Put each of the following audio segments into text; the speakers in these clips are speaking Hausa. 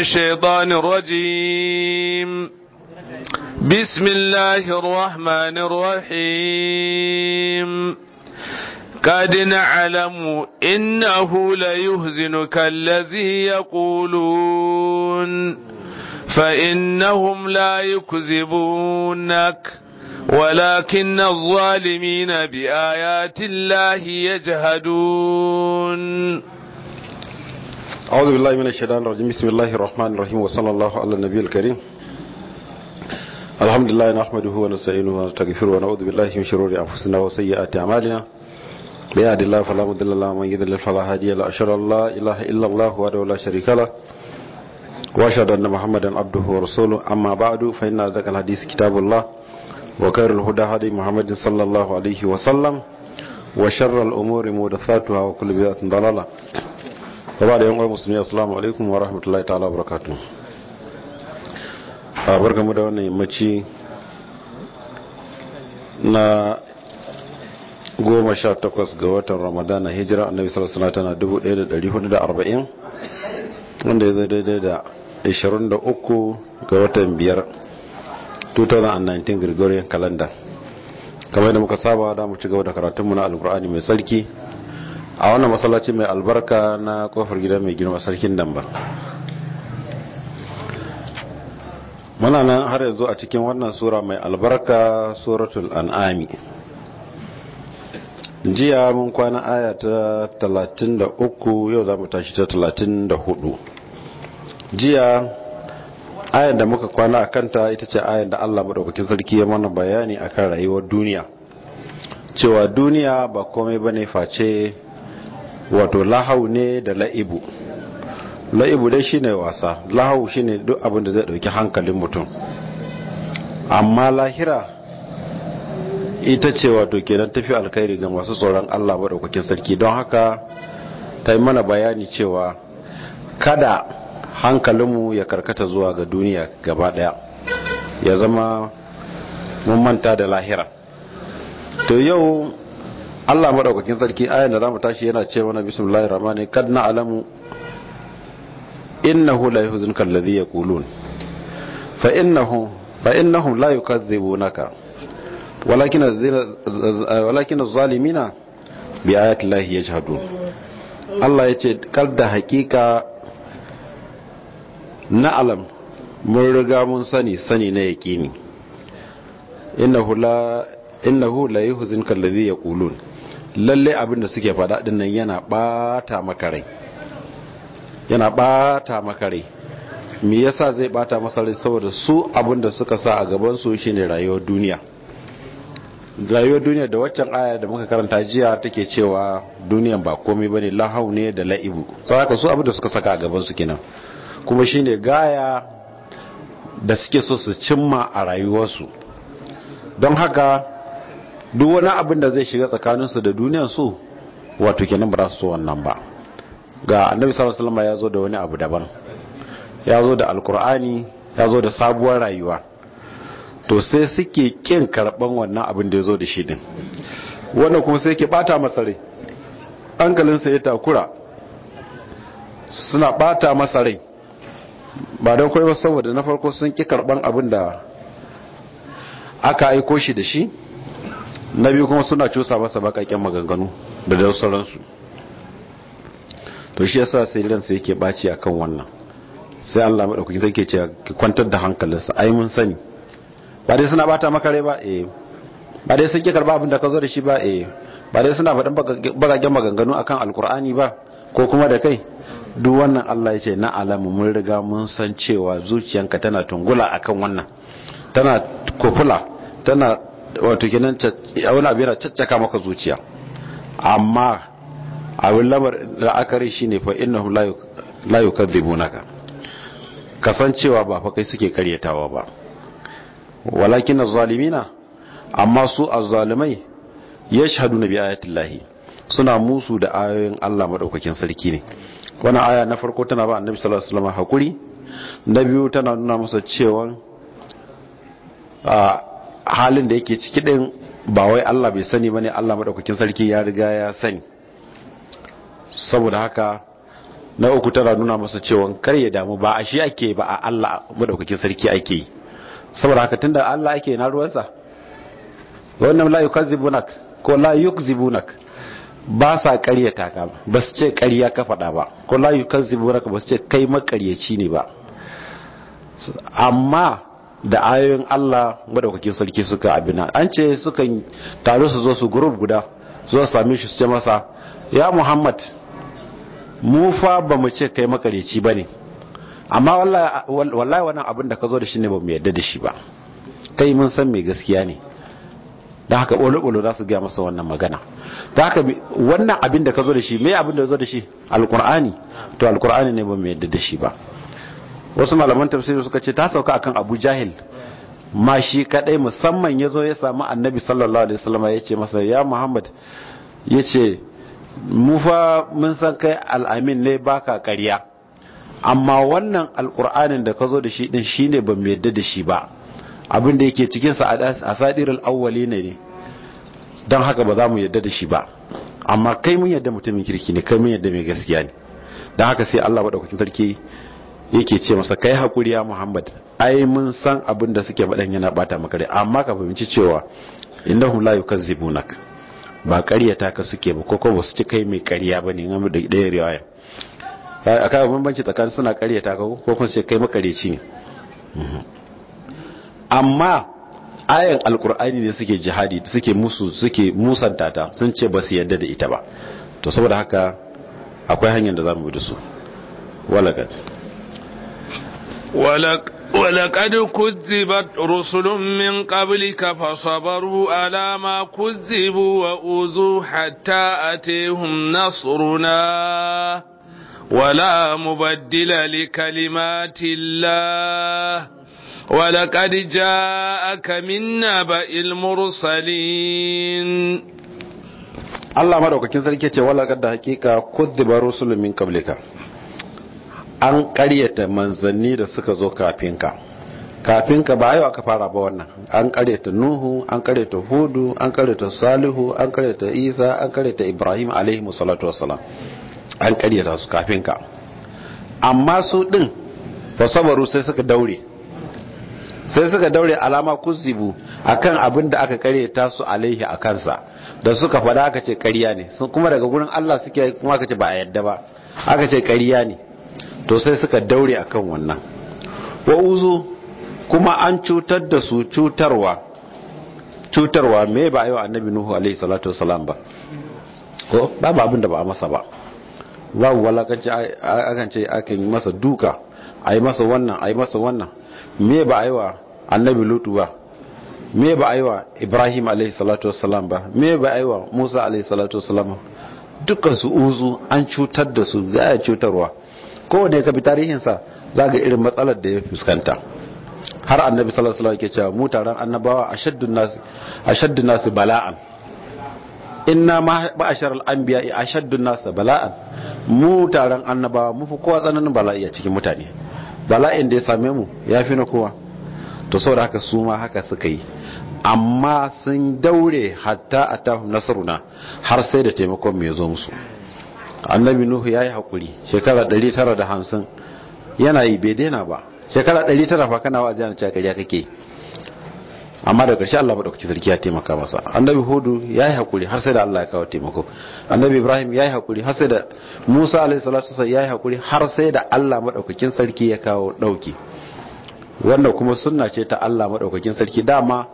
الشيطان الرجيم بسم الله الرحمن الرحيم قد نعلم إنه ليهزنك الذي يقولون فإنهم لا يكذبونك ولكن الظالمين بآيات الله يجهدون أعوذ بالله من الشيطان الرجيم بسم الله الرحمن الرحيم وصلى الله على النبي الكريم الحمد لله نحمده ونستعينه ونستغفره ونعوذ بالله من شرور أنفسنا وسيئات أعمالنا من يهد الله فلا مضل له ومن يضلل فلا هادي له أشهد أن لا إله إلا الله وحده لا شريك له وأشهد أن محمدا عبده ورسوله أما بعد فإن أصدق الحديث كتاب الله وخير الهدى هدي محمد صلى الله عليه وسلم وشر الأمور محدثاتها وكل بدعة ضلالة gaba da yankwai musulmi assalamu alaikum wa rahmatullahi ta'ala wa barakatu a barkamu da wannan yammaci na goma sha takwas ga watan ramadan na hijira a nabi salasana tana 1440 wanda ya zai daidai da 23 ga watan biyar 2019 gregorian calendar kamar da muka saba da mu ci gaba da karatunmu na alkur'ani mai tsarki a wannan masallaci mai albarka na kofar gida mai girma sarkin damba muna nan har yanzu a cikin wannan sura mai albarka suratul an'ami jiya mun kwana aya ta 33 yau za mu tashi ta 34 jiya ayan da muka kwana a kanta ita ce ayan da allah maɗaukakin sarki ya mana bayani akan rayuwar duniya cewa duniya ba komai ba ne face wato lahau ne da la'ibu la'ibu dai shine wasa lahau shine duk abin da zai dauki hankalin mutum amma lahira ita ce wato kenan tafi alkhairi ga masu tsoron Allah ba maɗaukakin sarki don haka ta yi mana bayani cewa kada hankalinmu ya karkata zuwa ga duniya gaba daya ya zama mun manta da lahira to yau Allah madaukakin sarki ayan da zamu tashi yana ce mana bismillahir rahmanir kad alamu innahu la yuhzinka alladhi yaqulun fa innahu fa innahum la yukadhibunaka walakin walakin az-zalimina bi ayati llahi yajhadun Allah yace kar da hakika alam mun riga mun sani sani na yaqini innahu la innahu la yuhzinka alladhi yaqulun lalle abinda suke din nan yana bata maka rai yana bata maka me yasa zai bata masa rai saboda su abinda suka sa a gaban su shine rayuwar duniya rayuwar duniya da waccan aya da muka karanta jiya take cewa duniyan ba komai bane lahau ne da la'ibu saboda su abinda suka saka a gaban su kenan kuma shine gaya da suke so su cimma a rayuwarsu don haka duk wani abin da zai shiga tsakaninsu da duniyar su wato kenan ba su wannan ba ga annabi sallallahu alaihi ya zo da wani abu daban ya zo da alkur'ani ya zo da sabuwar rayuwa to sai suke kin karban wannan abin da ya zo da shi din wannan kuma sai yake bata masa rai sa ya takura suna bata masa rai ba don kwaiwa saboda na farko sun ki karban abin da aka aika shi da shi na biyu kuma suna cusa masa bakakken maganganu da da sauransu to shi ya sa sai ransa yake baci akan wannan sai Allah madaukakin take cewa ki kwantar da hankalinsa ai mun sani ba dai suna bata maka rai ba eh ba dai sun ki karba abin da ka zo da shi ba eh ba dai suna faɗin bakakken maganganu akan alkur'ani ba ko kuma da kai duk wannan Allah ya ce na alamu mun riga mun san cewa zuciyanka tana tungula akan wannan tana kufula tana wato kenan wani abu yana caccaka maka zuciya amma abin lamar la'akari shi ne fa innahu la naka kasancewa ba fa kai suke karyatawa ba walakin az-zalimina amma su az-zalimai yashhaduna bi ayatillahi suna musu da ayoyin Allah madaukakin sarki ne wannan aya na farko tana ba annabi sallallahu alaihi wasallam hakuri na biyu tana nuna masa cewa halin da yake ciki din ba wai Allah bai sani bane Allah madaukakin sarki ya riga ya sani saboda haka na uku tara nuna masa cewa kar ya damu ba a shi ake ba a Allah madaukakin sarki ake yi saboda haka tunda Allah ake na ruwansa wannan la yukazibunak ko la yukzibunak ba sa ƙaryata ka ba su ce ƙarya ka faɗa ba ko la yukazibunak ba su ce kai makaryaci ne ba amma da ayoyin Allah madaukakin sarki suka abina an ce sukan taru su zo su group guda zo sami shi su ce masa ya Muhammad mu fa ba mu ce kai makareci ne amma wallahi wannan abin da ka zo da shi ne ba mu yadda da shi ba kai mun san mai gaskiya ne da haka ɓolo-ɓolo za su gaya masa wannan magana ta haka wannan abin da ka zo da shi mai abin da zo da shi alkur'ani to alkur'ani ne ba mu yadda da shi ba wasu malaman tafsiri suka ce ta sauka akan abu jahil ma shi kadai musamman ya zo ya samu annabi sallallahu alaihi wasallam ya ce masa ya muhammad ya ce mu fa mun san kai al'amin ne baka ƙarya amma wannan alƙur'anin da ka zo da shi din ba ban yadda da shi ba abin da yake cikin sa a sadirul awwali ne ne don haka ba za mu yadda da shi ba amma kai mun yadda mutumin kirki ne kai mun yadda mai gaskiya ne don haka sai Allah madaukakin sarki yake ce masa kai hakuri ya muhammad ai mun san abin da suke faɗan yana bata maka amma ka fahimci cewa innahum la yukazzibunak ba ƙaryata ka suke ba kokon ba su ci kai mai ƙarya ba ne game da ɗaya riwaya a kawo bambanci tsakanin suna ƙaryata ka ko ce kai makareci ne mhm. amma ayan alkur'ani ne suke jihadi suke musu suke musanta ta sun ce ba su yadda da ita ba to saboda haka akwai hanyar da za mu bi da su walagat ولقد كذبت رسل من قبلك فصبروا على ما كذبوا وأوذوا حتى أتيهم نصرنا ولا مبدل لكلمات الله ولقد جاءك من نبأ المرسلين الله مدوكاكين كنت ce wala kadda hakika kuddiba rusulun min qablika an karyata manzanni da suka zo kafin ka kafin ka ba yau aka fara ba wannan an karyata nuhu an karyata hudu an karyata salihu an karyata isa an karyata ibrahim alaihi salatu wassalam an karyata su kafin ka amma su din fa sabaru sai suka daure sai suka daure alama kuzibu akan abin da aka karyata su alaihi a kansa da suka fada aka ce karya ne kuma daga gurin Allah suke kuma aka ce ba a yadda ba aka ce karya ne to sai suka daure a kan wannan wa uzu kuma an cutar da su cutarwa cutarwa me ba yi wa annabi nuhu alaihi salatu wasalam ba ko babu abin da ba a masa ba babu walakanci akan ce akan yi masa duka a yi masa wannan a yi masa wannan me ba a yi wa annabi lutu ba me ba a yi wa ibrahim alaihi salatu wasalam ba me ba a yi wa musa alaihi salatu wasalam dukkan su uzu an cutar da su gaya cutarwa kowane ka bi tarihinsa za ga irin matsalar da ya fuskanta har annabi sallallahu alaihi wasallam yake cewa mu taron annabawa ashaddun nas ashaddun nas bala'an inna ma ba'ashar ashaddun nas bala'an mu taron annabawa mu fi kowa tsananin bala'i a cikin mutane bala'in da ya same mu ya fi na kowa to saboda haka su ma haka suka yi amma sun daure hatta atahum nasruna har sai da taimakon mai zo musu annabi nuhu ya yi haƙuri shekara 950 yana yi bai daina ba shekara 900 fa kana wa ajiyar cewa ƙarya kake amma da ƙarshe Allah maɗaukaki sarki ya taimaka masa annabi hudu ya yi haƙuri har sai da Allah ya kawo taimako annabi ibrahim ya yi haƙuri har sai da musa alaihi salatu ya yi haƙuri har sai da Allah maɗaukakin sarki ya kawo ɗauki wannan kuma sunna ce ta Allah maɗaukakin sarki dama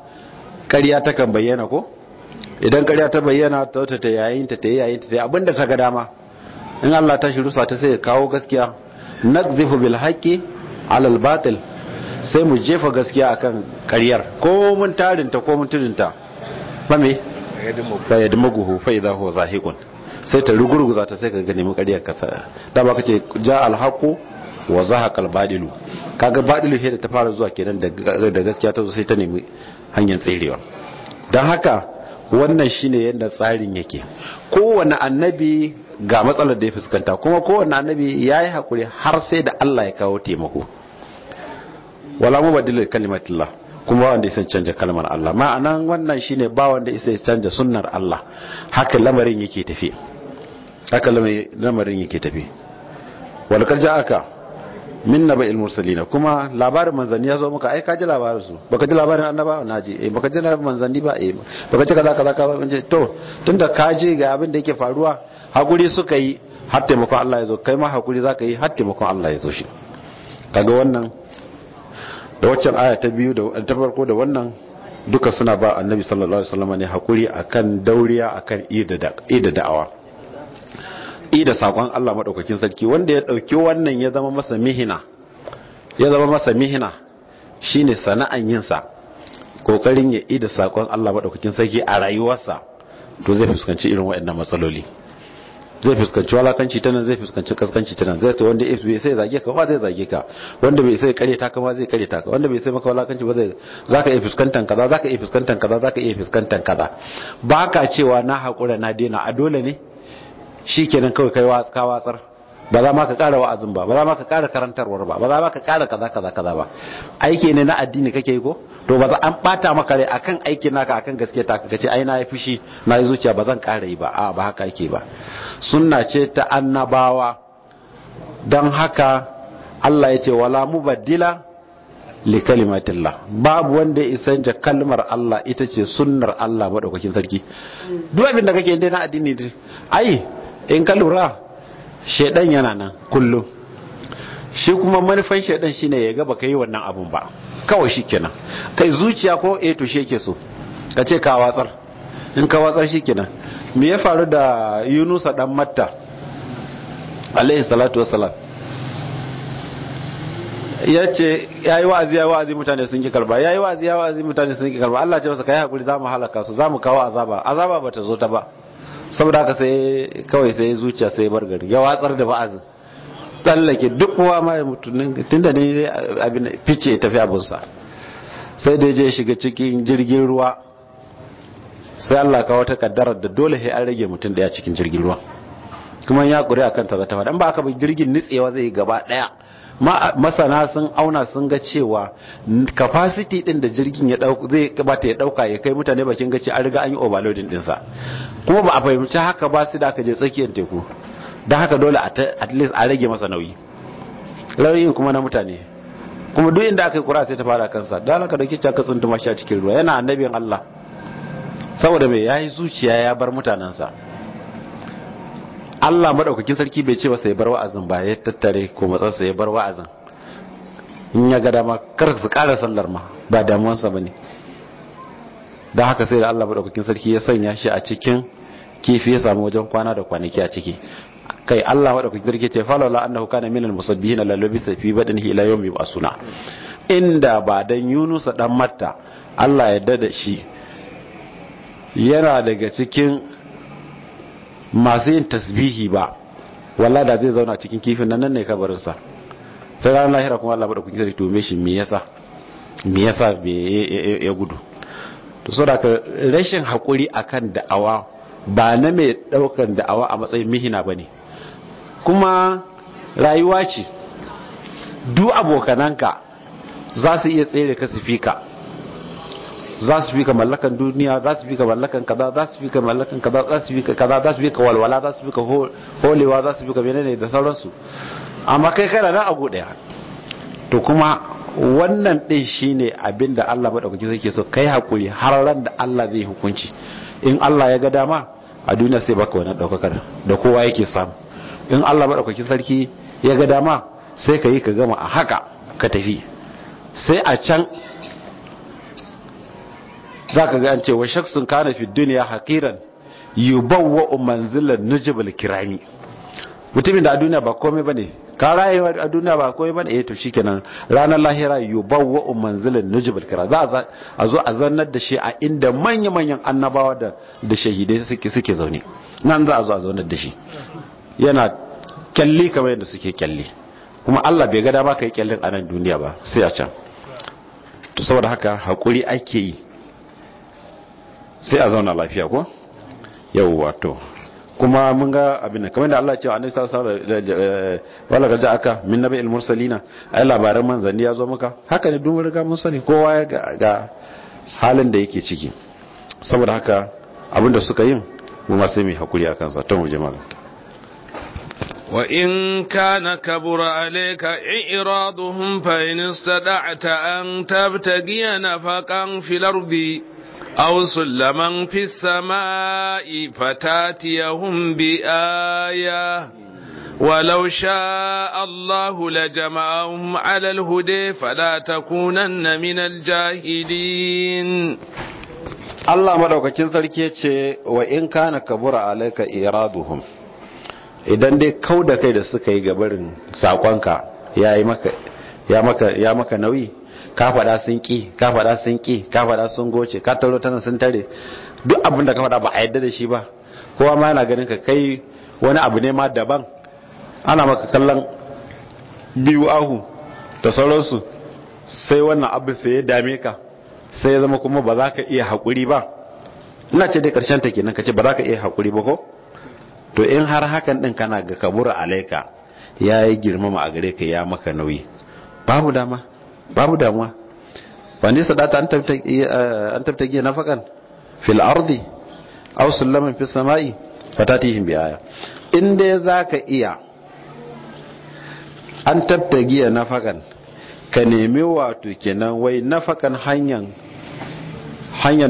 ƙarya ta kan bayyana ko idan ƙarya ta bayyana ta ta yayin ta ta yayin ta abinda ta ga dama in Allah ta sa ta sai ya kawo gaskiya naqzifu bil haqqi alal batil sai mu jefa gaskiya akan ƙaryar ko mun tarinta ko mun tudunta ba me fa yadmuhu fa idha huwa zahiqun sai ta rugurguza ta sai ka gane mu ƙaryar kasa da ba kace ja al wa zahaqa al badilu kaga badilu da ta fara zuwa kenan da gaskiya ta zo sai ta nemi hanyar tserewa dan haka wannan shine yadda tsarin yake kowane annabi ga matsalar da ya fuskanta kuma kowanne annabi ya yi haƙuri har sai da Allah ya kawo taimako wala mu badil kalimatillah kuma wanda isa canja kalmar Allah ma'anan wannan shine ba wanda isa ya canja sunnar Allah haka lamarin yake tafi haka lamarin yake tafi wal karja aka min naba il mursalina kuma labarin manzanni ya zo muka ai ka ji labarin su baka ji labarin annaba na eh baka ji labarin manzanni ba eh baka ji kaza kaza ka ba to tunda ka ji ga abin da yake faruwa hakuri suka yi har taimakon Allah ya zo kai ma hakuri za ka yi har taimakon Allah ya zo shi kaga wannan da waccan aya ta biyu da ta farko da wannan duka suna ba annabi sallallahu alaihi wasallam ne hakuri akan dauriya akan ida da'awa ida sakon Allah madaukakin sarki wanda ya dauki wannan ya zama masa mihina ya zama masa mihina shine sana'an yin sa kokarin ya ida sakon Allah madaukakin sarki a rayuwarsa to zai fuskanci irin waɗannan matsaloli zai fuskanci walakanci ta nan zai fuskanci kaskanci ta nan zai ta wanda bai sai zage ka ba zai zage ka wanda bai sai kare ta kama zai kare ta ka wanda bai sai maka walakanci ba zai zaka iya fuskantan kaza zaka iya fuskantan kaza zaka iya fuskantan kaza ba ka cewa na hakura na dena a dole ne shikenan kawai kai watsar ba za ma ka ƙara wa'azin ba ba za ma ka ƙara karantarwar ba ba za ma ka ƙara kaza kaza kaza ba aiki ne na addini kake yi ko to ba za an bata maka rai akan aikin naka akan gaske ta ka ce ai na yi fushi na yi zuciya ba zan ƙara yi ba a ba haka yake ba sunna ce ta annabawa Dan haka Allah ya ce wala mubaddila li kalimatillah babu wanda ya isa ja kalmar Allah ita ce sunnar Allah madaukakin sarki duk abin da kake yi na addini ai in ka lura shaidan yana nan kullum shi kuma manufan shi shine ya ga baka yi wannan abun ba kawai shikenan kai zuciya ko eh to shi yake so ka ce ka watsar in ka watsar shikenan me ya faru da Yunusa dan Matta alaihi salatu wassalam ya ce ya yi wa'azi ya wa'azi mutane sun ki karba ya yi wa'azi ya wa'azi mutane sun ki karba Allah ce masa kai hakuri za mu halaka su za mu kawo azaba azaba bata zo ta ba saboda haka sai kawai sai zuciya sai bar gari ya watsar da ba'azin tsallake duk kowa ma ya mutu tunda ne abin fice tafi abinsa sai da je shiga cikin jirgin ruwa sai Allah kawo ta kaddarar da dole sai an rage mutum daya cikin jirgin ruwa kuma ya kuri akan ta zata faɗa ba aka bi jirgin nitsewa zai gaba daya masana sun auna sun ga cewa capacity din da jirgin ya dauka zai bata ya dauka ya kai mutane bakin gaci an riga an yi overloading sa kuma ba a fahimci haka ba su da aka je tsakiyar teku don haka dole at least a rage masa nauyi rauyin kuma na mutane kuma duk inda aka yi kura sai ta fara kansa don haka dauki ta katsin tumashi a cikin ruwa yana annabin Allah saboda mai yayi zuciya ya bar mutanensa Allah maɗaukakin sarki bai ce masa ya bar wa'azin ba ya tattare ko matsarsa ya bar wa'azin in ya ga dama kar su ƙara sallar ma ba damuwansa ba ne Da haka sai da Allah madaukakin sarki ya sanya shi a cikin kifi ya samu wajen kwana da kwanaki a ciki kai Allah maɗaukakin sarki ce la annahu kana minal musabbihin la labisa fi badanihi ila yawmi basuna inda ba dan Yunus dan Matta Allah ya dada shi yana daga cikin masu yin tasbihi ba wallah da zai zauna cikin kifin nan nan ne kabarinsa sai ranar lahira kuma Allah kun sarki to me shi me yasa me yasa ya gudu to saboda rashin hakuri akan da'awa ba na mai daukan da'awa a matsayin mihina bane kuma rayuwa ce duk abokananka za su iya tsere ka su fika za su fi ka mallakan duniya za su fi ka mallakan kaza za su fi ka mallakan kaza za su fi ka kaza za su fi ka walwala za su fi ka holewa za su fi ka menene da sauransu amma kai kana na abu daya to kuma wannan din shine abin da Allah madaukaki yake so kai hakuri har ran da Allah zai hukunci in Allah ya ga dama a duniya sai baka wannan daukakar da kowa yake samu in Allah madaukaki sarki ya ga dama sai ka yi ka gama a haka ka tafi sai a can za ka ga an ce wa shaksun kana fi duniya hakiran yubawwa manzilan nujibul kirami mutumin da a duniya ba komai bane ka rayuwa a duniya ba komai bane eh to shikenan ranar lahira yubawwa manzilan nujibul kirami za a zo a zannar da shi a inda manya manyan annabawa da da shahidai suke suke zaune nan za a zo a zaunar da shi yana kyalli kamar yadda suke kyalli kuma Allah bai ga dama kai kyallin a nan duniya ba sai a can to saboda haka hakuri ake yi sai a zauna lafiya ko yau wato kuma mun ga abin da kamar da Allah ya ce annabi sallallahu alaihi wasallam wala ga ja'aka min al mursalina ai labaran manzanni ya zo maka haka ne dun riga mun sani kowa ya ga halin da yake ciki saboda haka abin da suka yin mu ma sai mu hakuri akan sa to mu wa in kana kabura alayka iraduhum fa in sada'ta an tabtagiya nafaqan fil ardi أو سلما في السماء فتاتيهم بآية ولو شاء الله لجمعهم على الهدى فلا تكونن من الجاهلين Allah madaukakin sarki ya ce wa in kana kabura alaika iraduhum idan dai kau da kai da suka yi gabarin sakonka ya ya maka nauyi ka faɗa sun ƙi ka faɗa sun ƙi ka faɗa sun goce ka taro tana sun tare duk abin da ka faɗa ba a yadda da shi ba kowa ma yana ganin ka kai wani abu ne ma daban ana maka kallon biyu ahu da sauransu sai wannan abin sai ya dame ka sai ya zama kuma ba za ka iya haƙuri ba ina ce dai ƙarshen ta kenan ka ce ba za ka iya haƙuri ba ko to in har hakan ɗin kana ga kabura alaika ya yi girmama a gare ka ya maka nauyi babu dama babu damuwa ba nisa data an tabtagi eh, na fakan fil ardi aw sallaman fi sama'i fatatihim bi aya in dai zaka iya an tabtagi na fakan ka nemi wato kenan wai na fakan hanyar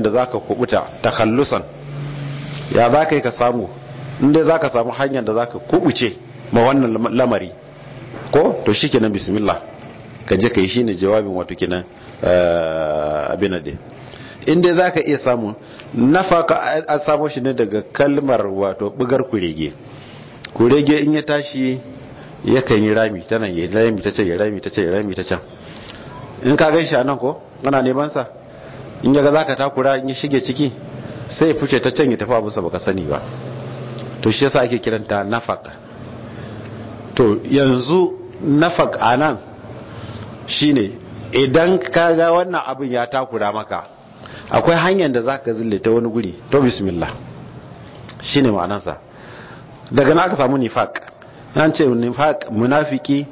da da zaka kubuta takhallusan ya zaka yi ka samu in dai zaka samu hanyar da zaka kubuce ma wannan lamari ko to shikenan bismillah ka je ka yi shine jawabin wato kenan eh, abin da in dai zaka iya samu nafa ka a samo shi ne daga kalmar wato bugar kurege kurege in ya tashi ya kan yi rami tana yi rami ta ce ya rami ta ce ya rami ta can in ka gan shi anan ko ana neman sa in ya ga zaka takura in ya shige ciki sai fice ta can ya tafi ba baka sani ba to shi yasa ake kiranta nafaka to yanzu nafak anan shine idan ka ga wannan abin ya takura maka akwai hanyar da za ka zillita wani guri to bismillah shine ma'anansa daga na aka samu nifaq yan ce nifak munafiki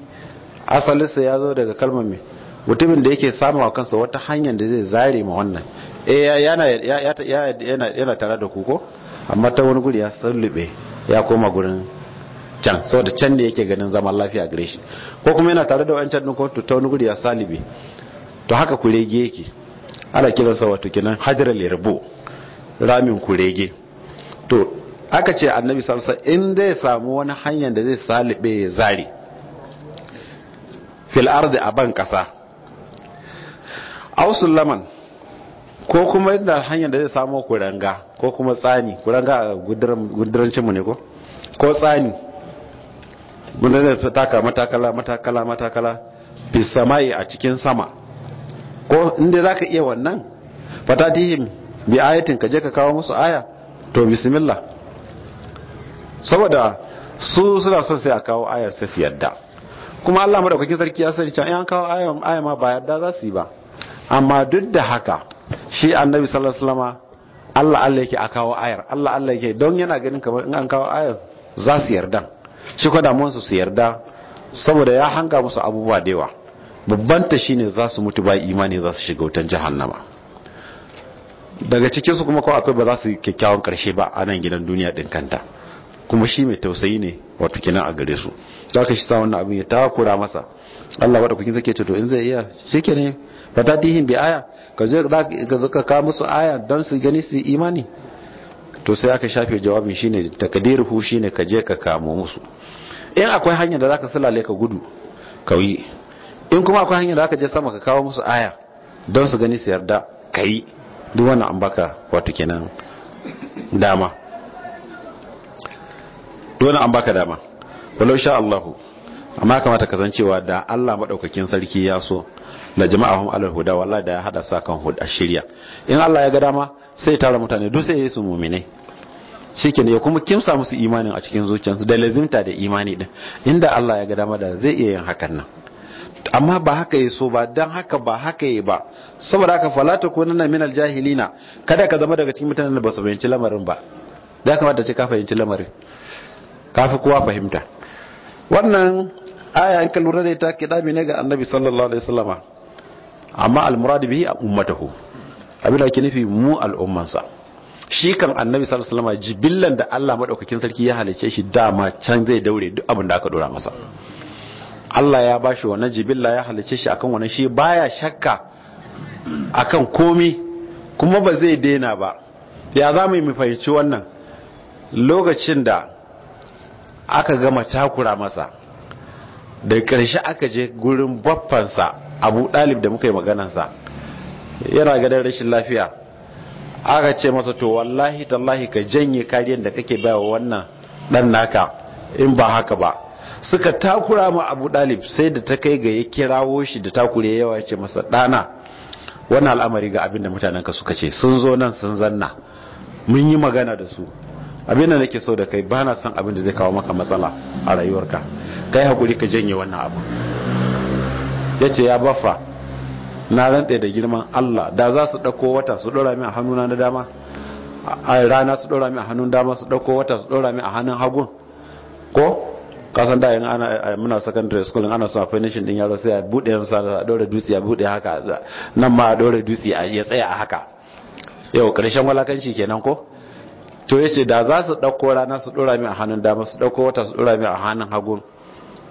asalinsa ya zo daga kalmar mai mutumin da yake samu a kansa wata hanyar da zai zare ma wannan e yana tare da kuko amma ta wani guri ya sallube ya koma gurin can saboda can ne yake ganin zaman lafiya gare shi ko kuma yana tare da wancan din kotu ta wani guri ya salibi to haka kurege yake ana kiransa wato kinan hajar lerbo ramin kurege to aka ce annabi sarsa in zai samu wani hanyar da zai salibe ya zari fil arzi a ban kasa ausul laman ko kuma da hanyar da zai samu kuranga ko kuma tsani kuranga a gudurancinmu ne ko ko tsani wanda zai taka matakala matakala matakala fi a cikin sama ko inda za ka iya wannan fatatihim bi ayatin ka je ka kawo musu aya to bismillah saboda su suna son sai a kawo aya sai su yadda kuma Allah madaukakin sarki ya sani can an kawo aya aya ma ba yadda za su yi ba amma duk da haka shi annabi sallallahu alaihi wasallama Allah Allah yake a kawo ayar Allah Allah yake don yana ganin kamar in an kawo ayar za su yarda shi kwa su yarda saboda ya hanga musu abubuwa da yawa babbanta shine za su mutu ba imani za su shiga wutan jahannama daga cikinsu kuma kawai akwai ba za su kyakkyawan karshe ba a nan gidan duniya din kanta kuma shi mai tausayi ne wato kenan a gare su za ka shi sa wannan abin ya takura masa Allah wadda kukin zake to in zai iya shi ne tihin bi aya ka zo ka ka musu aya don su gani su imani to sai aka shafe jawabin shine takdiruhu shine ka je ka kamo musu in akwai hanyar da zaka sulale ka gudu ka in kuma akwai hanyar da zaka je sama ka kawo musu aya don su gani su yarda ka yi duk wannan an baka wato kenan dama duk an baka dama walau sha Allahu amma kamata kasancewa da Allah maɗaukakin sarki ya so la jama'ahum alal huda wallahi da ya hada sakan huda shirya in Allah ya ga dama sai tara mutane duk sai su mu'minai shikenan ya kuma kimsa musu imanin a cikin zuciyarsu da lazimta da imani din inda Allah ya ga dama da zai iya yin hakan nan amma ba haka ya so ba dan haka ba haka ya ba saboda haka falata ko nana minal jahilina kada ka zama daga cikin mutanen da ba su fahimci lamarin ba da kamata ce ka fahimci lamarin kafi kowa fahimta wannan aya in lura da ita kitabi ne ga annabi sallallahu alaihi wasallama amma almurad bihi ummatahu abin da ke nufi mu al'ummansa shi kan annabi sallallahu alaihi jibillan da Allah madaukakin sarki ya halice shi dama can zai daure duk abin da aka dora masa Allah ya bashi wannan jibilla ya halice shi akan wannan shi baya shakka akan komi kuma ba zai daina ba ya za mu yi fahimci wannan lokacin da aka gama takura masa da karshe aka je gurin baffansa abu ɗalib da muka yi maganansa yana gadon rashin lafiya aka ce masa to wallahi tallahi ka janye kariyar da kake bayawa wannan dan naka in ba haka ba suka takura ma abu dalib sai da ta kai ga ya kirawo shi da takure yawa ce masa dana wannan al'amari ga abin da mutanen ka suka ce sun zo nan sun zanna mun yi magana da su abin da nake so da kai bana na son abin da zai kawo maka matsala a rayuwarka kai hakuri ka janye wannan abu yace ya bafa. na rantse da girman Allah da za su ɗauko wata su ɗora min a hannuna na dama a rana su ɗora min a hannun dama su ɗauko wata su ɗora min a hannun hagun ko kasan da yin ana muna secondary school ana so a finishing din yaro sai a buɗe yin sa a ɗora dutse a buɗe haka nan ma a ɗora dutse a ya tsaya a haka yau ƙarshen walakanci kenan ko to yace da za su ɗauko rana su ɗora min a hannun dama su ɗauko wata su ɗora min a hannun hagun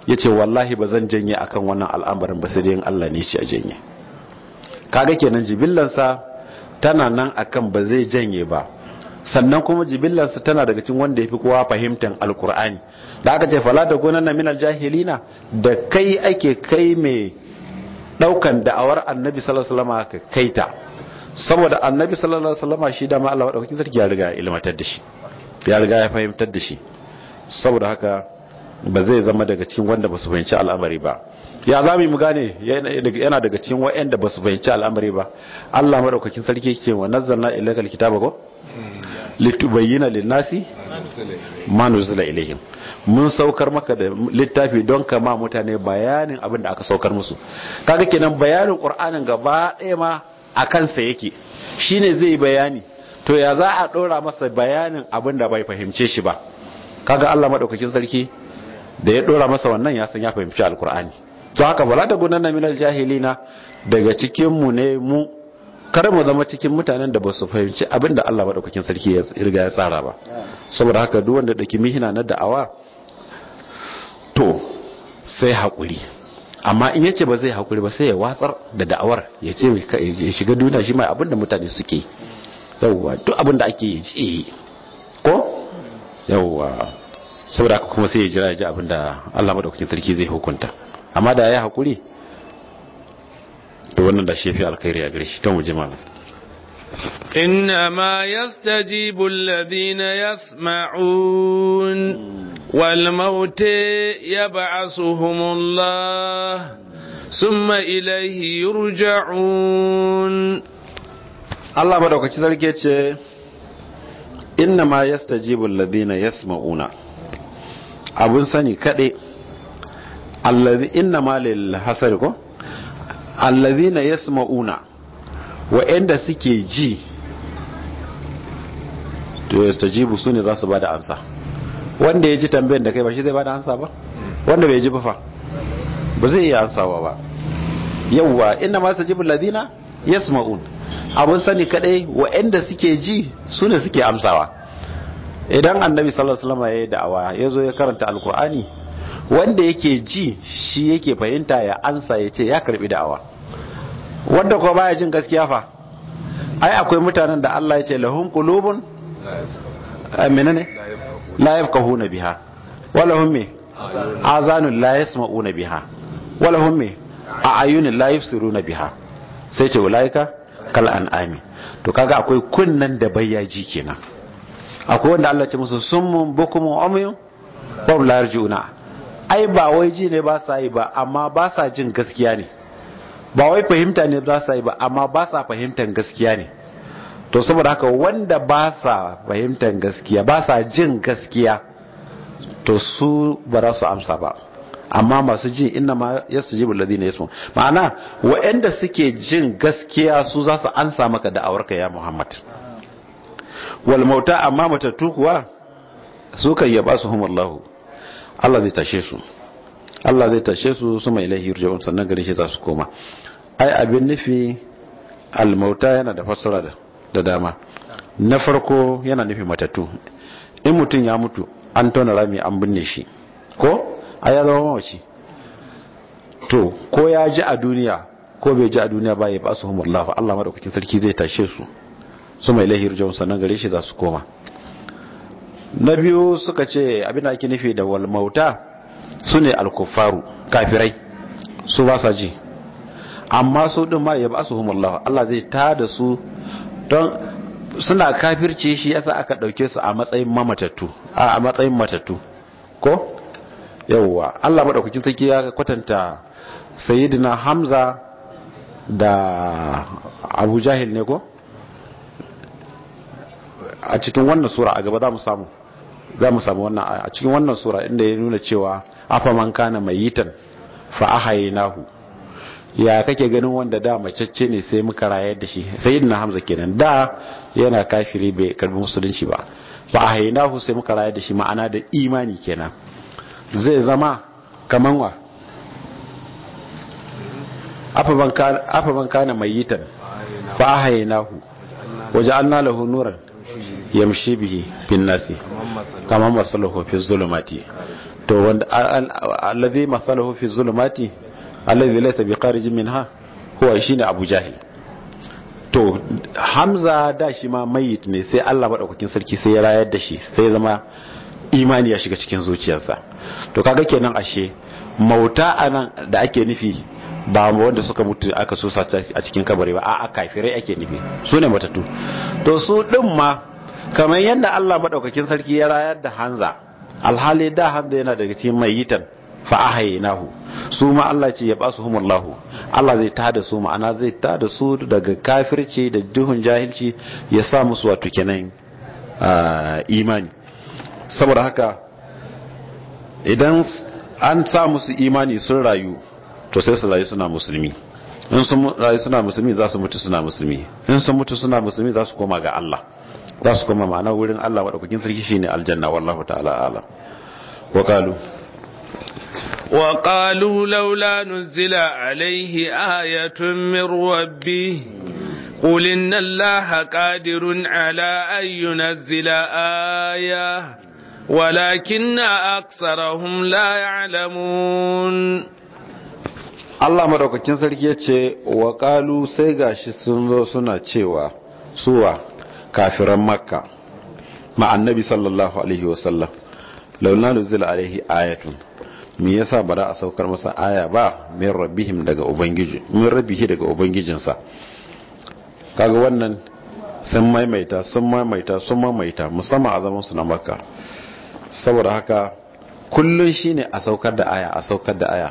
yace wallahi ba zan janye akan wannan al'amarin ba sai dai Allah ne shi a janye kaga kenan sa tana nan akan ba zai janye ba sannan kuma jibillansa tana daga cikin wanda ya fi kowa fahimtar alkur'ani da aka ce fala da gonan na aljahilina jahilina da kai ake kai mai daukan da'awar annabi sallallahu alaihi wasallam ka kaita saboda annabi sallallahu alaihi wasallam shi da ma Allah madaukakin sarki ya riga ya ilmantar da shi ya riga ya fahimtar da shi saboda haka ba zai zama daga cikin wanda ba su fahimci al'amari ba ya za mu gane yana daga cikin wa'anda ba su fahimci al'amari ba Allah maraukakin sarki ke wa nazzalna ilayka alkitaba ko litubayyana linnasi ma nuzila ilayhim mun saukar maka da littafi don kama mutane bayanin abin da aka saukar musu kaga kenan bayanin qur'anin gaba ɗaya ma a kansa yake shine zai bayani to ya za a dora masa bayanin abin da bai fahimce shi ba kaga Allah madaukakin sarki da ya ɗora masa wannan ya san ya fahimci alkur'ani to haka ba ta gudanna minal jahilina daga cikinmu ne mu kar mu zama cikin mutanen da ba su fahimci abinda Allah maɗaukakin sarki ya riga ya tsara ba saboda haka duk wanda dake mihina na da'awa to sai haƙuri amma in yace ba zai haƙuri ba sai ya watsar da da'awar ya ce ya shiga duniya shi mai abinda mutane suke yawwa duk abinda ake yi ko yawwa saboda haka kuma sai ya jira ya ji abinda da Allah maɗaukakin sarki zai hukunta amma da ya haƙuri da wannan da shefi alkhairi a gare shi kan waje malam inna ma yastaji bulladhi na ya sma'un walmaute ya ba'a su humullah sun ma'ilaihi yurja'un Allah madaukaci zarge ce inna ma yastaji bulladhi na ya sma'una abin sani kaɗai alladhi inna ma lil hasari ko allazina yasma'una wa'anda suke ji to yastajibu sune za su bada ansa wanda ya ji tambayar da kai ba shi zai bada ansa ba wanda bai ji ba fa ba zai iya ansawa ba yawwa inna ma yastajibu allazina yasma'un abun sani kadai wa'anda suke ji sune suke amsawa idan annabi sallallahu alaihi wasallam ya yi da'awa ya zo ya karanta alqur'ani wanda yake ji shi yake fahimta ya ansa ya ce ya karbi da'awa wanda kuma baya jin gaskiya fa ai akwai mutanen da Allah ya ce lahum qulubun eh, ne la yafqahuna biha wala hum azanun la yasma'una biha wala hum a'yunun la yubsiruna biha sai ce walaika kal an'ami to kaga akwai kunnan da bayyaji kenan akwai wanda Allah ya ce musu summun bukumun umyun wa yarjuna ai ba wai ji ne ba sa yi ba amma ba sa jin gaskiya ne ba wai fahimta ne ba sa yi ba amma ba sa fahimtar gaskiya ne to saboda haka wanda ba sa fahimtar gaskiya ba sa jin gaskiya to su ba za su amsa ba amma masu ji inna ma yasu ji bulladi ne yasu ma'ana wa'anda suke jin gaskiya su za su ansa maka da'awarka ya muhammad wal mauta amma matattu kuwa su kan yaba su humallahu Allah zai tashe su Allah zai tashe su su mai ilahi yurja'un sannan gari shi za su koma ai abin nufi almauta yana da fassara da dama na farko yana nufi matattu in mutum ya mutu an tona rami an binne shi ko a ya zama mawaci to ko ya ji a duniya ko bai ji a duniya ba ya ba su humullahu Allah madaukakin sarki zai tashe su su mai lahir jawon sannan gare shi za su koma na biyu suka ce abin da ake nufi da walmauta su ne alkufaru kafirai su ba sa ji amma su din ma ya ba su humullahu Allah zai ta da su don suna kafirce shi yasa aka dauke su a matsayin mamatattu a matsayin matattu ko yawwa Allah madaukakin sarki ya kwatanta sayyidina Hamza da Abu Jahil ne ko a cikin wannan sura a gaba za mu samu za mu samu wannan a cikin wannan sura inda ya nuna cewa afa man kana mayitan fa ahaynahu ya kake ganin wanda da macecce ne sai muka rayar da shi sayyidina hamza kenan da yana kafiri bai karbi musulunci ba fa ahaynahu sai muka rayar da shi ma'ana da imani kenan zai zama kaman wa afa man kana mayitan fa ahaynahu waja'alna lahu nuran yamshi bihi bin nasi kama masalahu fi zulumati to wanda alladhi masalahu fi zulumati alladhi laysa bi kharij minha huwa shine abu jahil to hamza da shi ma mayit ne sai Allah madaukakin sarki sai ya rayar da shi sai zama imani ya shiga cikin zuciyarsa to kaga kenan ashe mauta anan da ake nufi ba wanda suka mutu aka sosa a cikin kabari ba a kafirai ake nufi su ne matattu to su ɗin ma kamar yadda Allah maɗaukakin sarki ya rayar da hanza alhali da hanza yana daga cikin mai yitan fa'ahayinahu su ma Allah ce ya basu humullahu Allah zai da su ma'ana zai da su daga kafirci da duhun jahilci ya sa musu wato kenan imani saboda haka idan an sa musu imani sun rayu to sai su rayu suna musulmi in sun rayu suna musulmi za su mutu suna musulmi in sun mutu suna musulmi za su koma ga Allah za su kuma ma'ana wurin Allah waɗaukakin sarki ne aljanna wallahu ta'ala ala wa qalu laula nuzila alaihi ayatun min rabbih قل إن الله قادر على أن ينزل آية ولكن أكثرهم لا alamun Allah madaukakin sarki ya ce Waƙalu sai gashi sun zo suna cewa suwa kafiran makka ma annabi sallallahu alaihi wasallam launa nuzila alaihi ayatun me yasa ba da a saukar masa aya ba min rabbihim daga ubangiji min rabbihi daga ubangijinsa kaga wannan sun maimaita sun maimaita sun maimaita musamman a zaman su na makka saboda haka kullun shine a saukar da aya a saukar da aya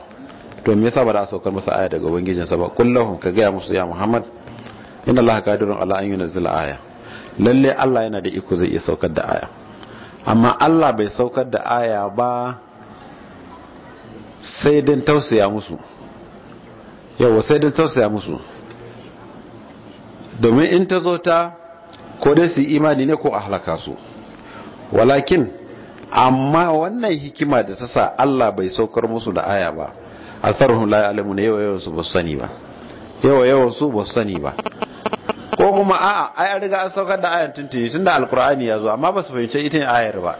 to me yasa ba da a saukar masa aya daga ubangijinsa ba kullahum ka gaya musu ya muhammad inna allaha qadirun ala an yunzila aya lalle Allah yana da iko zai iya saukar da aya amma Allah bai saukar da aya ba sai don tausaya musu yawa sai don tausaya musu domin in ta zo ta ko dai su imani ne ko a halaka su walakin amma wannan hikima da ta sa Allah bai saukar musu da aya ba a tsarhun la'alamu ne yawa yawansu ba sani ba yawa yawansu ba sani ba ko kuma a'a ai an riga an saukar da ayan tuntuni tunda alkur'ani ya zo amma ba su fahimci ita ayar ba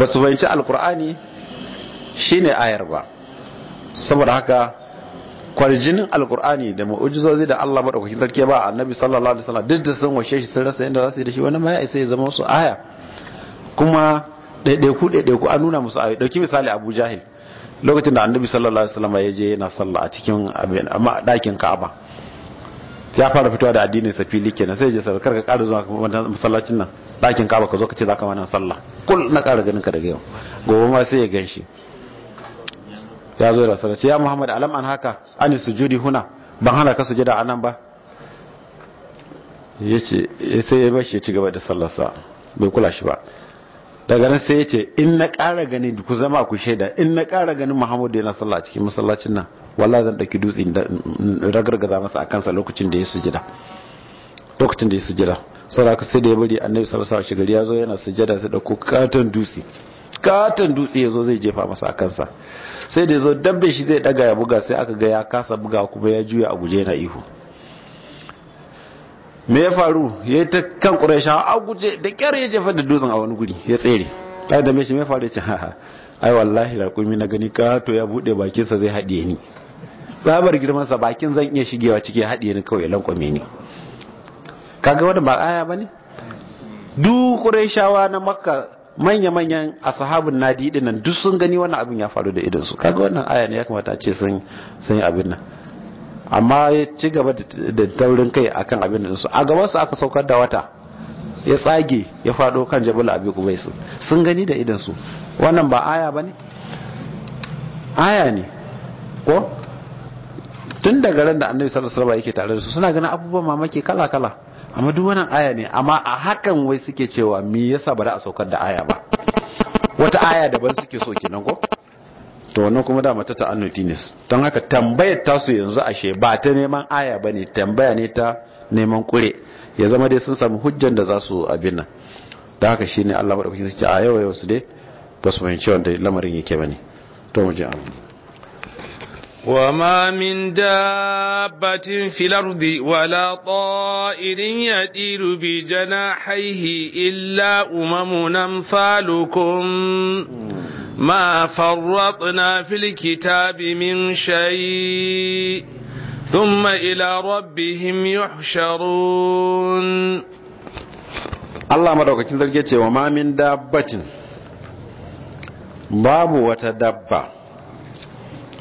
ba su fahimci alkur'ani shine ayar ba saboda haka kwarjinin alkur'ani da mu'ujizozi da Allah madaukakin sarki ba annabi sallallahu alaihi wasallam duk da sun washe shi sun rasa inda za su yi da shi wani ma ya isa ya zama su aya kuma ɗaiɗaiku ɗaiɗaiku an nuna musu ayoyi ɗauki misali abu jahil lokacin da annabi sallallahu alaihi wasallam ya je yana sallah a cikin abin amma ɗakin ka'aba ya fara fitowa da addinin sa fili kenan sai ya ce kar ka ƙara zuwa wannan masallacin nan dakin kaba ka zo ka ce zaka mana sallah kul na kara ganin ka daga yau gobe ma sai ya ganshi ya zo da sallah ya Muhammad alam an haka ani sujudi huna ban hana ka sujada anan ba yace sai ya shi ya ci gaba da sallarsa bai kula shi ba daga nan sai ya ce in na ƙara gani ku zama ku shaida in na ƙara ganin muhammadu yana sallah cikin masallacin nan wallah zan ɗauki dutse ragargaza masa a kansa lokacin da ya sujada lokacin da ya sujada saraka sai da ya bari annabi sallallahu alaihi wasallam ya zo yana sujada sai dauko katon dutse katon dutse ya zo zai jefa masa a kansa sai da ya zo dabbe shi zai daga ya buga sai aka ga ya kasa buga kuma ya juya a guje yana ihu me ya faru ya yi ta kan ƙuraisha a guje da ƙyar ya jefa da dutsen a wani guri ya tsere ta da mai shi mai faru ya ce ha ai wallahi kumi na gani kato ya buɗe bakinsa zai haɗiye ni tsabar girmansa bakin zan iya shigewa ciki ya haɗiye ni kawai lankwame ni kaga wani ba aya ba ne duk ƙuraishawa na makka manya-manyan ashabun nadi ɗinan duk sun gani wannan abin ya faru da idansu kaga wannan aya ne ya kamata a ce sun yi abin nan amma ya ci gaba da taurin kai akan abin da su a su aka saukar da wata ya tsage ya fado kan jabal abi kubais sun gani da idan su wannan ba aya bane aya ne ko tun daga ran da annabi sallallahu alaihi wasallam yake tare da su suna ganin abubuwan mamaki kala kala amma duk wannan aya ne amma a hakan wai suke cewa me yasa ba za a saukar da aya ba wata aya daban suke so kenan ko to wannan kuma dama ta ta'annuti ne don haka tambayar tasu yanzu ashe ba ta neman aya bane tambaya ne ta neman kure ya zama dai sun samu hujjan da za su abin nan da haka shine Allah madaukakin a yau yau su dai ba su fahimci wanda lamarin yake bane to mu ji amma وما من دابة في الأرض ولا طائر يطير بجناحيه إلا أمم أمثالكم ما فرطنا في الكتاب من شيء ثم إلى ربهم يحشرون الله كنت تنزل وما من دابة باب وتدبى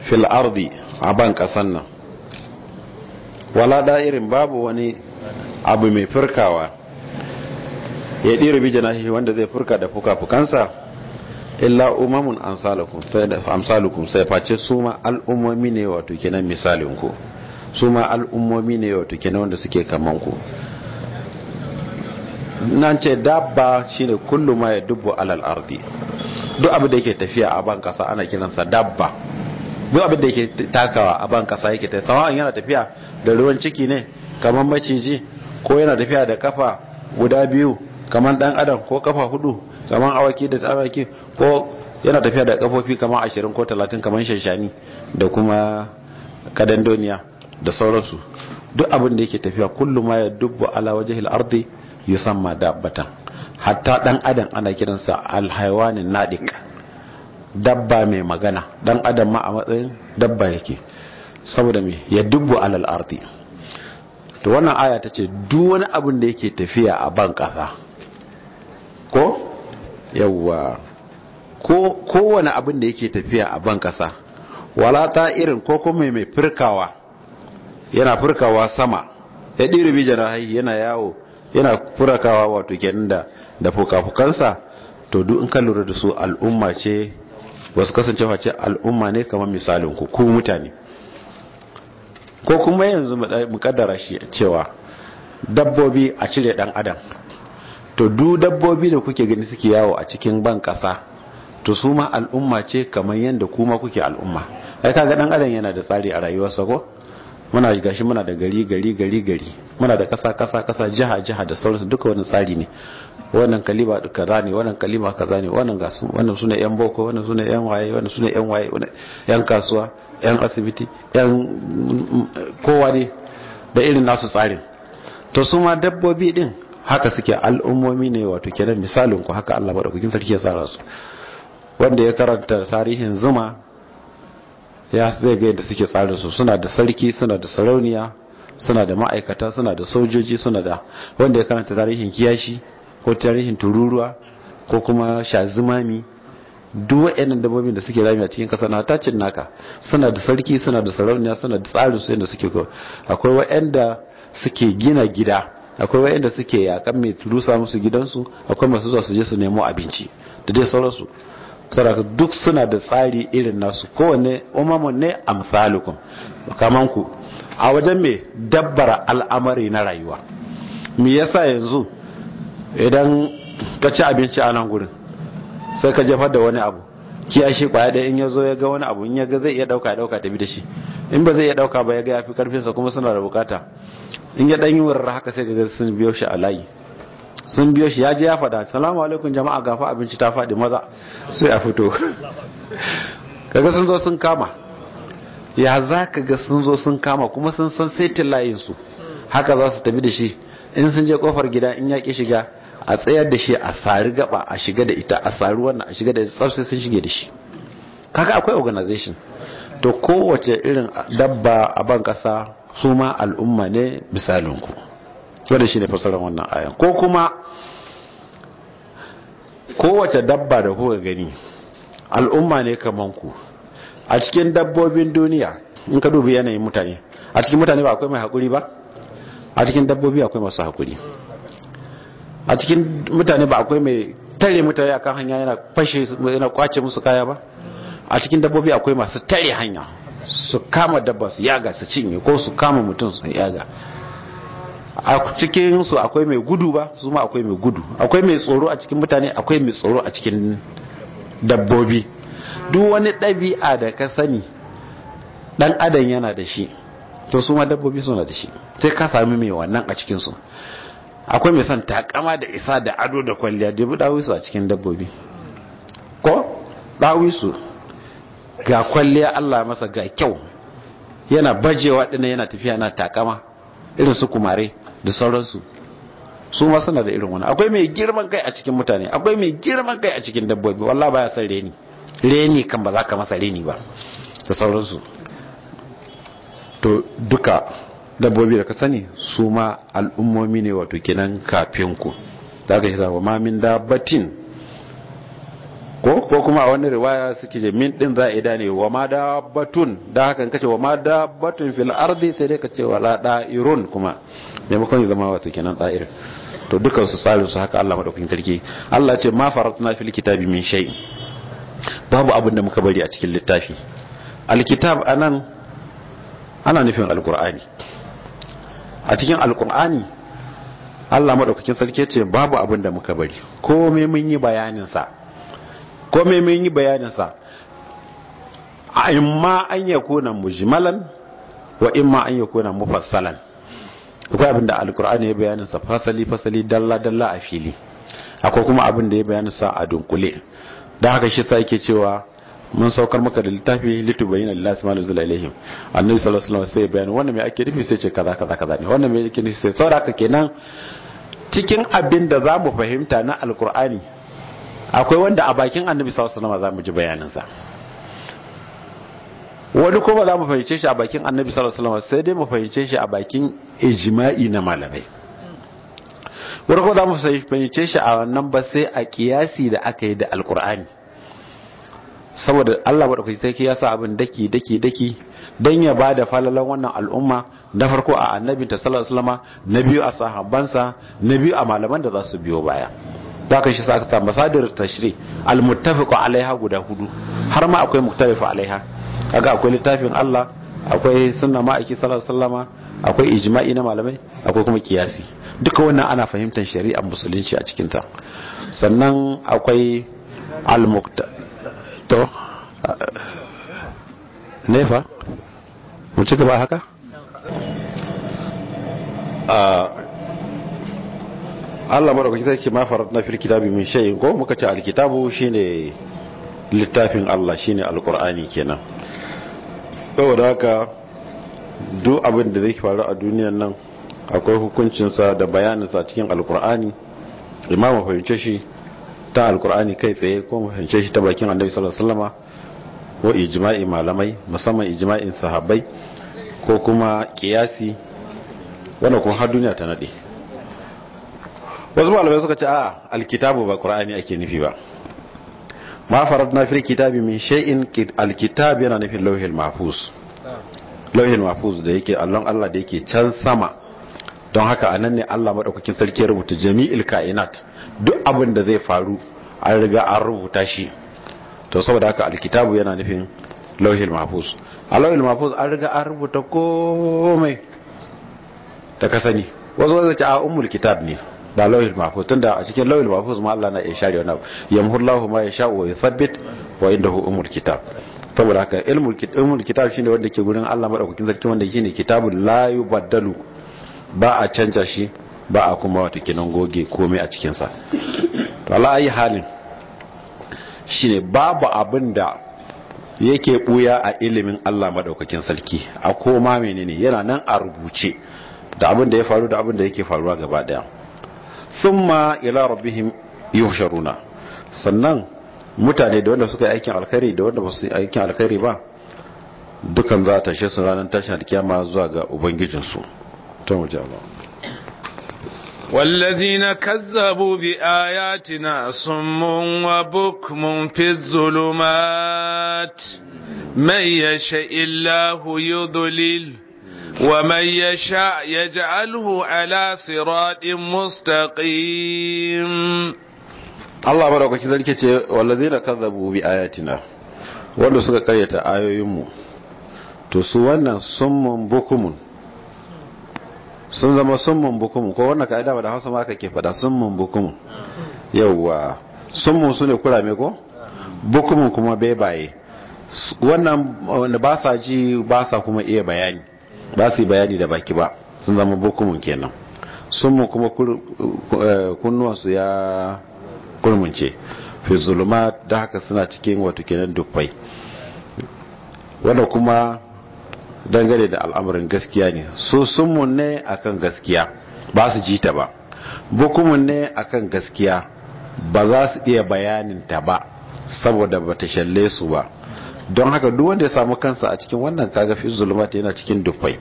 في الأرض عبان كسنة ولا دائر باب وني أبو mai furkawa ya ɗira bi فركا دفوكا فكانسا furka illa umamun amsalukum sai face su ma al'ummomi ne wato kenan misalin ku su ma al'ummomi ne wato kenan wanda suke kaman ku nan ce dabba shine kullu ma yadubbu alal ardi duk abin da yake tafiya a ban kasa ana kiransa dabba duk abin da yake takawa a ban kasa yake tafiya sawa'an yana tafiya da ruwan ciki ne kaman maciji ko yana tafiya da kafa guda biyu kaman dan adam ko kafa hudu kamar awaki da ke ko yana tafiya da kafofi kamar ashirin ko talatin kamar shanshani da kuma kadandoniya da sauransu duk abin da yake tafiya kullum ma ya dubbo ala wajhil ardi yusamma dabbatan hatta dan adam ana kiransa alhaywanin nadik dabba mai magana dan adam ma a matsayin dabba yake saboda me ya dubbo alal ardi to wannan aya ta ce duk wani abin da yake tafiya a ban kasa ko yawwa kowane abin da yake tafiya a ban kasa wala ta irin ko kuma mai firkawa yana firkawa sama ya ɗiri bijan rahayi yana yawo yana firkawa wato kenan da da to duk in kan lura da su al'umma ce wasu kasance face al'umma ne kamar misalin ku ku mutane ko kuma yanzu mu kaddara shi cewa dabbobi a cire dan adam to du dabbobi da kuke gani suke yawo a cikin ban kasa to su ma al'umma ce kamar yadda kuma kuke al'umma ai kaga dan adam yana da tsari a rayuwarsa ko muna gashi muna da gari gari gari gari muna da kasa kasa kasa jiha jiha da sauransu duka wani tsari ne wannan kalima kaza ne wannan kalima kaza ne wannan su wannan sune yan boko wannan sune yan waye wannan sune yan waye yan kasuwa yan asibiti yan mm, mm, kowa ne da irin nasu tsarin to su ma dabbobi din haka suke al'ummomi ne wato kenan misalin ku haka Allah madaukakin sarki ya tsara su wanda ya karanta tarihin zuma ya zai ga yadda suke tsarin su suna da sarki suna da sarauniya suna da ma'aikata suna da sojoji suna da wanda ya karanta tarihin kiyashi ko tarihin tururuwa ko kuma shazumami duk waɗannan dabbobin da suke rami a cikin kasa na tacin naka suna da sarki suna da sarauniya suna da tsarin su yadda suke akwai da suke gina gida akwai wayanda suke yakan mai rusa musu gidansu akwai masu zuwa su je su nemo abinci da dai sauransu saraka duk suna da tsari irin nasu kowane umamun ne amsalukum kamanku a wajen mai dabbara al'amari na rayuwa me yasa yanzu idan ka ci abinci a nan gurin sai ka jefar da wani abu kiyashi kwaya da in ya zo ya ga wani abu in ya ga zai iya dauka ya dauka tafi da shi in ba zai iya dauka ba ya ga ya fi karfinsa kuma suna da bukata in ya dan yi wurar haka sai ga sun biyo shi a layi sun biyo shi ya je ya faɗa salamu alaikum jama'a fa abinci ta faɗi maza sai a fito kaga sun zo sun kama ya za ka ga sun zo sun kama kuma sun san saitin layinsu haka za su tafi da shi in sun je kofar gida in yaƙi shiga a tsayar da shi a sari gaba a shiga da ita a sari wannan a shiga da tsafsi sun shige da shi kaga akwai organization to kowace irin dabba a ban kasa su ma al'umma ne misalinku wadda shi ne fasarar wannan ayan ko kuma kowace dabba da kuka gani al'umma ne ku a cikin dabbobin duniya in ka dubi yanayin mutane a cikin mutane ba akwai mai haƙuri ba a cikin dabbobi akwai masu haƙuri a cikin mutane ba akwai mai tare mutane a kan hanya yana fashe yana kwace musu kaya ba a cikin dabbobi akwai masu tare hanya su kama dabba su yaga su cinye ko su kama mutum su yaga a cikin su akwai mai gudu ba su ma akwai mai gudu akwai mai tsoro a cikin mutane akwai mai tsoro a cikin dabbobi duk wani ɗabi'a da ka sani ɗan adam yana da shi to su ma dabbobi suna da shi sai ka sami mai wannan a cikinsu akwai mai son takama da isa da ado da kwalliya dubu dawisu a cikin dabbobi ko dawisu ga kwalliya Allah masa ga kyau yana bajewa dinnan yana tafiya na takama irin su kumare da sauransu su ma suna da irin wani akwai mai girman kai a cikin mutane akwai mai girman kai a cikin dabbobi wallah baya san reni reni kan ba za ka masa reni ba da sauransu to duka dabbobi da ka sani su ma al'ummomi ne wato kenan kafin ku da aka shisa ma min dabbatin ko ko kuma a wani riwaya suke je min din za a ida ne wa ma dabbatun da hakan kace wa ma dabbatun fil ardi sai dai kace wala da'irun kuma makon ya zama wato kenan da'ir to dukkan su tsarin su haka Allah madaukakin sarki Allah ce ma faratna fil kitabi min shay babu abin da muka bari a cikin littafi alkitab anan ana nufin alqur'ani a cikin alkur'ani Allah maɗaukakin sarki ce babu abin da muka bari komai mun yi bayaninsa? sa komai mun yi bayanin mujimalan wa imma an mufassalan akwai abin da alkur'ani ya bayaninsa fasali fasali dalla dalla a fili akwai kuma abin da ya bayaninsa a dunkule Don haka shi sa yake cewa mun saukar maka da littafi litubayyana lillahi ma nuzila ilaihim annabi sallallahu alaihi wasallam sai bayan wannan me ake nufi sai ce kaza kaza kaza ne wannan me ake nufi sai ka kenan cikin abin da za mu fahimta na alkur'ani akwai wanda a bakin annabi sallallahu alaihi wasallam mu ji bayanin sa wani kuma za mu fahimce shi a bakin annabi sallallahu alaihi wasallam sai dai mu fahimce shi a bakin ijma'i na malamai wani kuma za mu fahimce shi a wannan ba sai a kiyasi da aka yi da alkur'ani saboda Allah madaukaki sarki ya sa abin daki daki daki dan ya ba da falalan wannan al'umma na farko a annabi ta sallallahu alaihi na biyu a sahabbansa na biyu a malaman da za su biyo baya da ka shi sa ka samu masadir tashri al alaiha guda hudu har ma akwai muktarifu alaiha kaga akwai littafin Allah akwai sunna ma'aiki sallallahu alaihi akwai ijma'i na malamai akwai kuma kiyasi duka wannan ana fahimtar shari'ar musulunci a cikin ta sannan akwai al to nefa mu ci gaba haka Allah madaukaki sai ma ma na fil kitabi min shay ko muka ci alkitabu shine littafin Allah shine alqur'ani kenan saboda haka duk abin da zai faru a duniyar nan akwai hukuncinsa da bayaninsa cikin alqur'ani imamu fahimce shi ta alkur'ani kai tsaye ko mu fahimce shi ta bakin annabi sallallahu alaihi wasallama ko ijma'i malamai musamman ijma'in sahabbai ko kuma kiyasi wannan kuma har duniya ta nade wasu malamai suka ce a alkitabu ba qur'ani ake nufi ba ma faradna fil kitabi min shay'in alkitab yana nufin lauhil mahfuz lauhil mahfuz da yake allon Allah da yake can sama don haka a nan ne allah maɗaukakin sarki ya rubuta jami'il ka'inat duk abin da zai faru an riga an rubuta shi to saboda haka alkitabu yana nufin lauhil mafus a lauhil mafus an riga an rubuta komai da ka sani wasu wasu ce a ummul kitab ne ba lauhil mahfuz tunda a cikin lauhil mafus ma Allah na iya share wani abu yamhullahu ma yasha wa sabbit wa hu umul kitab saboda haka ilmul kitab shine wanda ke gurin Allah madaukakin sarki wanda shine kitabun la yubaddalu ba a canja shi ba a kuma wata kinan goge komai a cikinsa to ayi halin shine babu abin da yake buya a ilimin Allah maɗaukakin sarki a koma menene yana nan a rubuce da abin da ya faru da abin da yake faruwa gaba daya thumma ila rabbihim yuhsharuna sannan mutane da wanda suka yi aikin alkhari da wanda ba su yi aikin ba dukan za ta tashe su ranar tashin alkiyama zuwa ga ubangijinsu to والذين كذبوا بآياتنا صم وبكم في الظلمات من يشاء الله يضلل ومن يشاء يجعله على صراط مستقيم Allah madaukaki zarki ce wallazina kazzabu bi ayatina wanda suka karyata ayoyinmu to su wannan sun zama summun bukumu ko wannan ka'ida da hausa ma ke faɗa summun bukumu sun summun su ne kurame ko bukumu kuma bebaye wannan wanda ba sa ji ba sa kuma iya bayani ba su yi bayani da baki ba sun zama bukumu kenan summun kuma eh, kunnuwansu ya kurmunce fi zulma da haka suna cikin wato kenan dubbai wanda kuma dangane da al'amarin gaskiya ne su sunmun ne akan gaskiya ba su ji ba bukumun ne akan gaskiya ba za su iya bayanin ta ba saboda ba ta shalle su ba don haka duk wanda ya samu kansa a cikin wannan kaga fi zulumat yana cikin dufai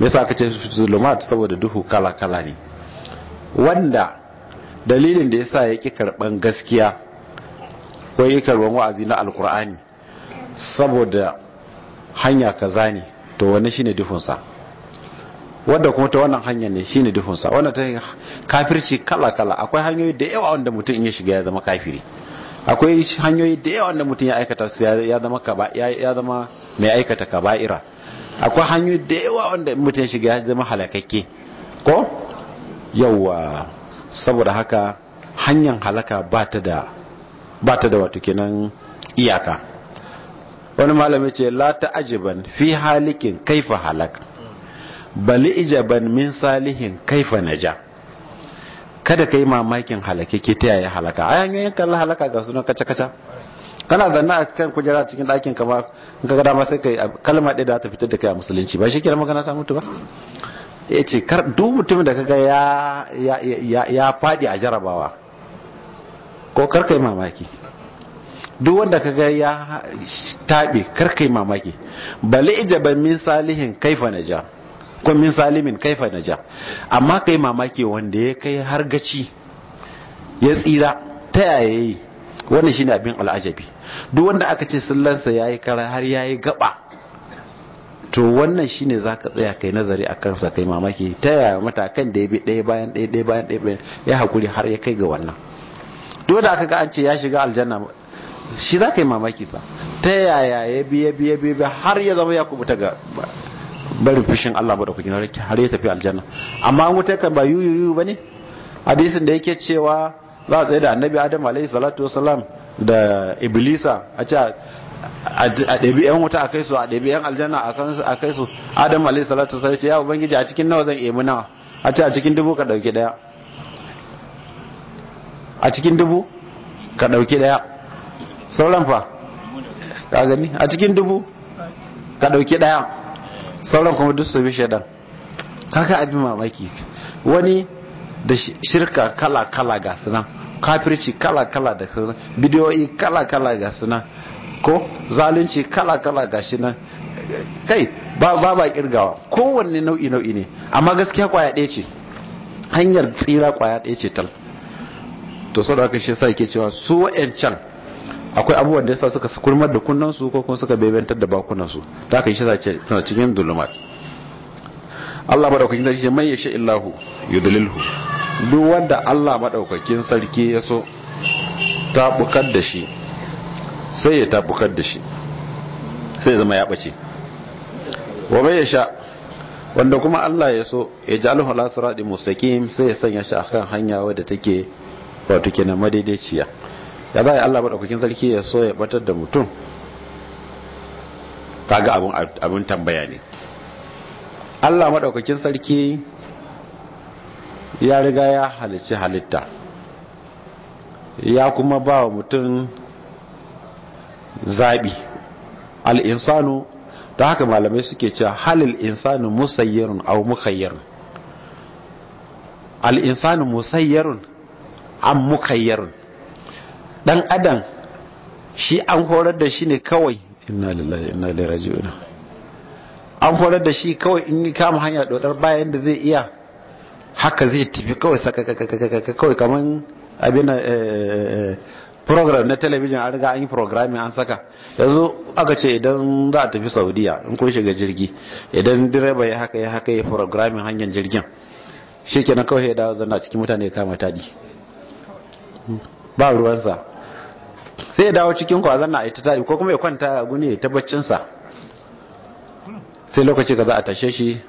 me yasa aka ce fi zulumat saboda duhu kala kala ne wanda dalilin da ya sa ya yake karban gaskiya ko yake karban wa'azi na alkur'ani saboda hanya kaza ne to wannan shine sa wanda kuma ta wannan hanya ne shine sa wannan ta kafirci kala kala akwai hanyoyi da yawa wanda mutum ya shiga ya zama kafiri akwai hanyoyi da yawa wanda mutum ya aikata su ya zama kaba ya zama mai aikata kaba'ira akwai hanyoyi da yawa wanda mutum ya shiga ya zama halakakke ko yawa saboda haka hanyar halaka ba ta da wato kenan iyaka wani malami ce la ta'ajiban fi halikin kaifa halak bali ijaban min salihin kaifa naja kada ka yi mamakin ke ta yaya halaka a hanyoyin kallon halaka ga sunan kaca-kaca kana zanna a kan kujera cikin ɗakin kamar in ka gada ma sai kai kalma ɗaya da ta fitar da kai a musulunci ba shi kira magana ta mutu ba ya ce duk mutumin da kaga ya faɗi a jarabawa ko karkai mamaki duk wanda ka ga ya taɓe karkai mamaki bali ijaban min salihin kaifa na ja ko min salimin kaifa na ja amma kai mamaki wanda ya kai har gaci ya tsira ta yaya yi shi shine abin al'ajabi duk wanda aka ce ya yi kara har ya yi gaba to wannan shine ka tsaya kai nazari a kansa kai mamaki ta yaya matakan da ya bi ɗaya bayan ɗaya ɗaya bayan ɗaya ya hakuri har ya kai ga wannan duk da aka ga an ce ya shiga aljanna shi za ka yi mamaki ta ta yaya ya bi ya bi ya bi har ya zama ya kubuta ga barin fushin Allah ba da kukin har ya tafi aljanna amma wuta kan ba yu ba ne hadisin da yake cewa za a tsaye da annabi adam alaihi salatu wasalam da iblisa a ce a ɗabi yan wuta a kai su a ɗabi yan aljanna a kai su adam alaihi salatu wasalam ce ya ubangiji a cikin nawa zan emi nawa a ce a cikin dubu ka ɗauki ɗaya a cikin dubu ka ɗauki ɗaya sauran fa ka gani a cikin dubu ka ɗauki ɗaya sauran kuma duk su bi shaidan kaka abin mamaki wani da shirka kala-kala ga suna kafirci kala-kala da suna bidiyoyi kala-kala ga suna ko zalunci kala-kala ga shi nan kai ba ba kirgawa kowanne nau'i-nau'i ne amma gaskiya kwaya ɗaya ce hanyar tsira kwaya ɗaya ce tal to sau da aka shi sa ke cewa su can. akwai abubuwan da yasa suka kurmar da kunnan su ko kuma suka bebentar da bakunan su ta kai shi sace suna cikin dulumat Allah madaukakin sarki mai yasha illahu yudlilhu duk wanda Allah madaukakin sarki ya so tabukar da shi sai ya tabukar da shi sai zama ya bace wa mai yasha wanda kuma Allah ya so ya jaluhu ala sirati mustaqim sai ya sanya shi akan hanya wadda take wato kenan madaidaiciya ya za a Allah maɗaukakin sarki ya so ya batar da mutum ta ga abin tambaya ne Allah maɗaukakin sarki ya riga ya halicci halitta ya kuma ba wa mutum zaɓi al'insanu ta haka malamai suke cewa halil insanu musayyarun au mukayyarun al'insanu musayyarun an mukayyarun dan adam shi an horar da shi ne kawai inna lillahi inna ilaihi raji'un an horar da shi kawai in yi kama hanya dodar bayan da zai iya haka zai tafi kawai saka kawai kaman abin eh, eh, eh, program na television an riga an yi programming an saka yanzu aka ce idan za a tafi saudiya in kun shiga jirgi idan direba ya haka ya haka ya programming hanyar jirgin shi kenan kawai ya dawo zanna cikin mutane kama tadi hmm. ba ruwansa sai ya dawo cikin kwazon na ita tari ko kuma ya kwanta a guni ya baccinsa sai lokaci ka za a tashe shi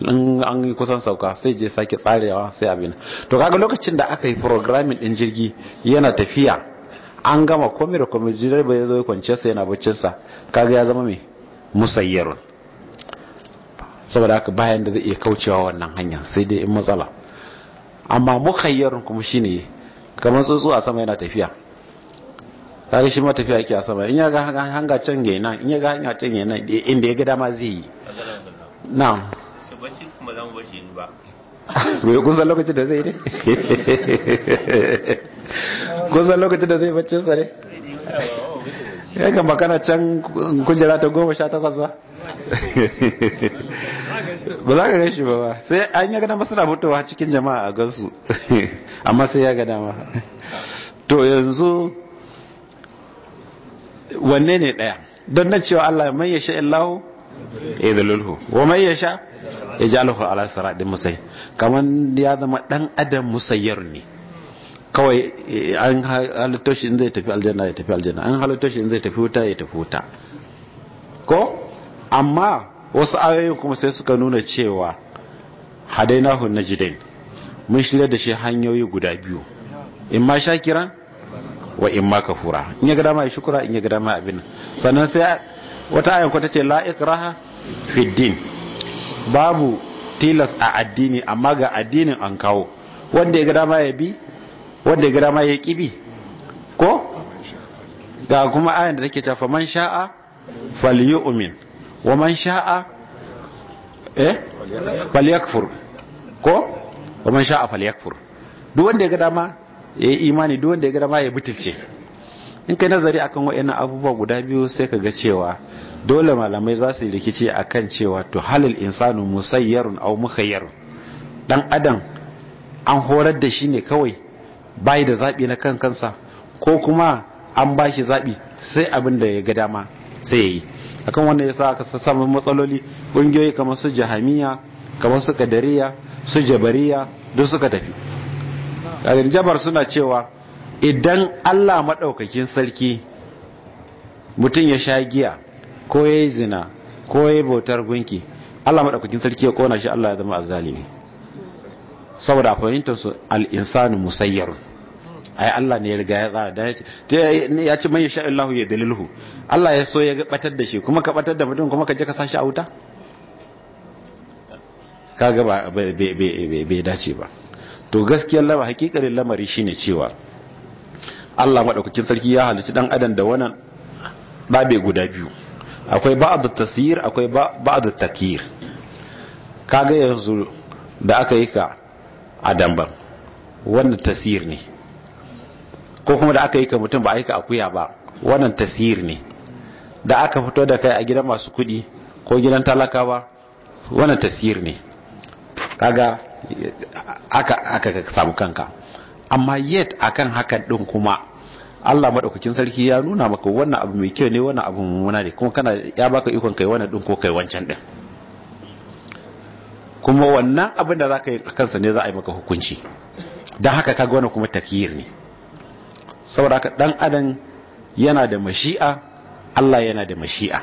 in an yi kusan sauka sai je sake tsarewa sai abin to kaga lokacin da aka yi programming din jirgi yana tafiya an gama komai da komai jirgin bai zo ya kwance yana baccinsa kaga ya zama mai musayyarun saboda haka bayan da zai iya kaucewa wannan hanya sai dai in matsala amma mukayyarun kuma shine kamar tsuntsu a sama yana tafiya kaga shi ma tafiya yake a sama in ya ga hanga can yayi nan in ya ga hanga can yayi nan inda ya ga dama zai yi na'am sai bacci kuma zan bace ba me kun san lokacin da zai ne kun san lokacin da zai bacci sa ya ga makana can kujera ta goma sha takwas ba ba za ka gan shi ba ba sai an ya gada masu fitowa cikin jama'a a gansu amma sai ya gada ma to yanzu wanne ne ɗaya don na cewa Allah ya sha illahu zalulhu wa ya sha. ya ji alhu ala siratin musay kamar ya zama ɗan adam musayyar ne kawai eh, an halitto shi in zai tafi aljanna ya tafi aljanna an halitto shi in zai tafi wuta ya tafi wuta ko amma wasu ayoyin kuma sai suka nuna cewa hadainahu jidai mun shirya da shi hanyoyi guda biyu in ma kiran wa in ma kafura in ya ga dama ya shukura in ya ga dama abin sannan sai wata ayan ko tace la ikraha fi din babu tilas a addini amma ga addinin an kawo wanda ya ga dama ya bi wanda ya ga dama ya kibi ko ga kuma ayan da take cewa fa man sha'a falyu'min wa man sha'a eh falyakfur ko wa man sha'a falyakfur duk wanda ya ga dama ya yi imani duk wanda ya gara ma ya butulce in kai nazari akan wa'in abubuwa guda biyu sai ka ga cewa dole malamai za su yi rikici akan cewa to halil insanu musayyarun au mukhayyarun dan adam an horar da shi ne kawai bai da zaɓi na kan kansa ko kuma an ba shi zaɓi sai abin da ya ga dama sai ya yi akan wannan ya sa aka samu matsaloli ƙungiyoyi kamar su jahamiya kamar su kadariya su jabariya duk suka tafi jabar suna cewa idan Allah maɗaukakin sarki mutum ya sha giya ko ya yi zina ko ya yi bautar gunki Allah maɗaukakin sarki ya kona shi Allah ya zama azalimi saboda a fahimtar su al'insanu musayyar ai Allah ne ya riga ya tsara da ya ce man ya sha ya dalilhu Allah ya so ya batar da shi kuma ka batar da mutum kuma ka je ka shi a wuta ga ba bai dace ba to gaskiyar lamar hakikalin lamari shine cewa Allah madaukakin sarki ya halitta dan adam da wannan babe guda biyu akwai ba'd tasir akwai ba'd takir kaga yanzu da aka yi ka a damban wannan tasir ne ko kuma da aka yi ka mutum ba a yi ka akuya ba wannan tasir ne da aka fito da kai a gidan masu kudi ko gidan talakawa wannan tasir ne kaga aka samu kanka amma yet akan haka ɗin kuma Allah maɗaukakin sarki ya nuna maka wannan abu mai kyau ne wannan abu mummuna ne kuma kana ya baka ikon kai wannan din ko kai wancan din kuma wannan abin da ka yi kansa ne za a yi maka hukunci don haka kaga wani kuma takyir ne saboda haka dan adam yana da mashi'a Allah yana da mashi'a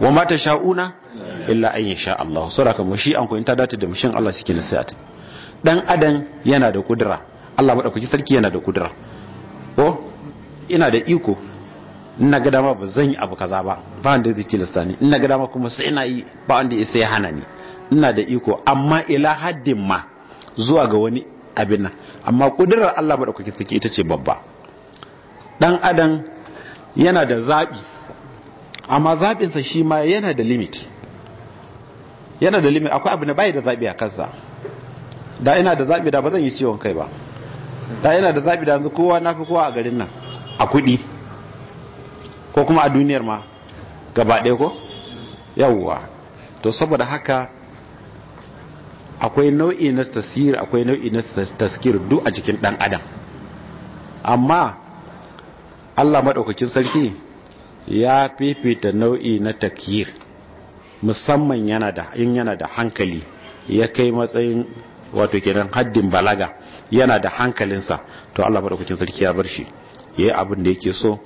wa mata sha'una illa an yasha Allah saboda mu shi an ko in ta dace da mushin Allah shike ta. dan adam yana da kudura Allah madaukaki sarki yana da kudura ko ina da iko ina ga dama ba zan yi abu kaza ba ba wanda zai tilasta ni ina ga dama kuma sai ina yi ba wanda sai ya hana ni ina da iko amma ila haddin ma zuwa ga wani abin nan amma kudurar Allah madaukaki sarki ita ce babba dan adam yana da zabi amma zabinsa shi ma yana da limit yana da limit akwai abu na bai da zabi a kansa da ina da zabi da ba zan yi ciwon kai ba da yana da zabi da yanzu kowa na fi kowa a garin nan a kuɗi ko kuma a duniyar ma gaba ɗaya ko yawwa to saboda haka akwai nau'i na tasir akwai nau'i na taskir duk a jikin ɗan adam amma allah maɗaukakin sarki ya fifita nau'i na takyir musamman yana da in yana da hankali ya kai matsayin wato kenan haddin balaga yana da hankalinsa to Allah madaukakin sarki ya bar shi yayi abin da yake so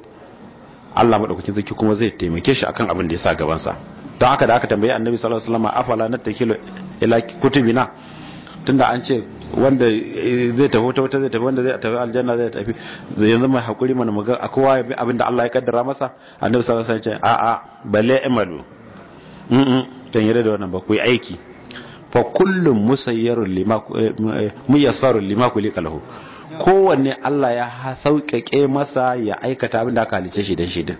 Allah madaukakin sarki kuma zai taimake shi akan abin da ya sa gabansa don haka da aka tambaye annabi sallallahu alaihi wasallam afala natakilu ila kutubina tunda an ce wanda zai tafi wata wata zai tafi wanda zai tafi aljanna zai tafi yanzu mai hakuri mana mu ga akwai abin da Allah ya kaddara masa annabi sallallahu alaihi wasallam ya ce a'a bale imalu ban da wannan ba ku yi aiki fa kullum musayyarun lima eh, muyassarun lima lahu kowanne Allah ya sauƙaƙe masa ya aikata abin da aka halice shi don shi din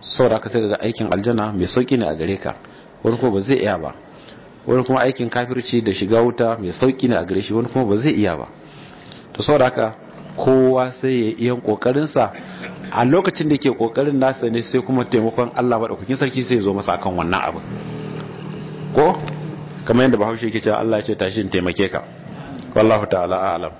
saboda ka sai ga aikin aljanna mai sauƙi ne a gare ka wani kuma ba zai iya ba wani kuma aikin kafirci da shiga wuta mai sauƙi ne a gare shi wani kuma ba zai iya ba to saboda haka kowa sai ya iya kokarinsa a lokacin da ke kokarin nasa ne sai kuma taimakon Allah madaukakin sarki sai ya zo masa akan wannan abu ko kamar yadda bahaushe ke cewa Allah ya ce tashi in taimake ka wallahu ta'ala a'lam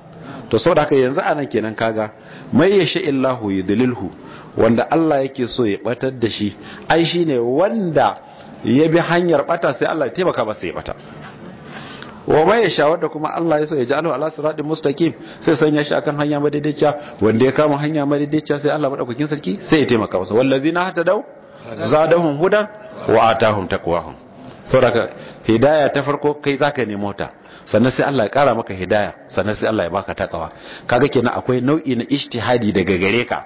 to saboda haka yanzu anan kenan kaga mai ya sha illahu dalilhu wanda Allah yake so ya batar da shi ai shine wanda ya bi hanyar ɓata sai Allah ya taimaka masa ya bata wa mai ya shawar da kuma Allah ya so ya ja'alu ala siratin mustaqim sai sanya shi akan hanya madaidaiciya wanda ya kama hanya madaidaiciya sai Allah madaukakin sarki sai ya taimaka masa wallazina hatadaw zadahum hudan wa atahum taqwahum saboda hidaya ta farko kai zaka nemo ta sannan sai Allah ya kara maka hidaya sannan sai Allah ya baka takawa kaga kenan akwai nau'i na ijtihadi daga gare ka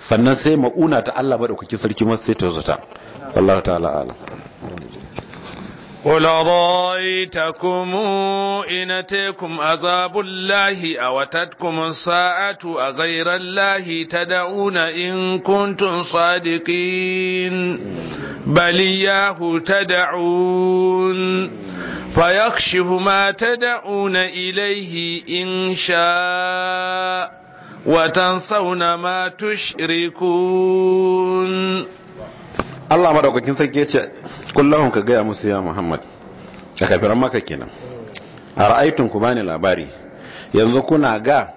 sannan sai mauna ta Allah madaukakin sarki ma sai ta zuta Allah ta'ala alam قل رأيتكم إن أتيكم عذاب الله أو أتتكم الساعة أغير الله تدعون إن كنتم صادقين بل إياه تدعون فيخشف ما تدعون إليه إن شاء وتنسون ما تشركون Allah madaukakin sarki ya ce kullahun ka gaya musu ya Muhammad ka kafiran maka kenan a ra'aitun ku bani labari yanzu kuna ga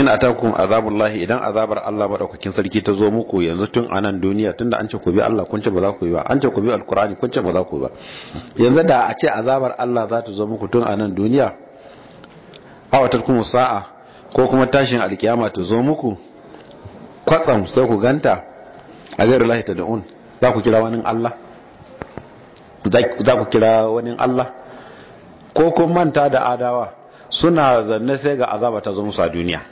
in atakum azabullahi idan azabar Allah madaukakin sarki ta zo muku yanzu tun a nan duniya tunda an ce ku bi Allah kun ce ba za ku yi ba an ce ku bi alkurani kun ce ba za ku yi ba yanzu da a ce azabar Allah za ta zo muku tun a nan duniya watar kuma sa'a ko kuma tashin alkiyama ta zo muku kwatsam sai ku ganta a gairu lahi ta da'un za ku kira wani Allah za ku kira wani Allah ko kun manta da adawa suna zanne sai ga azaba ta zo musu a duniya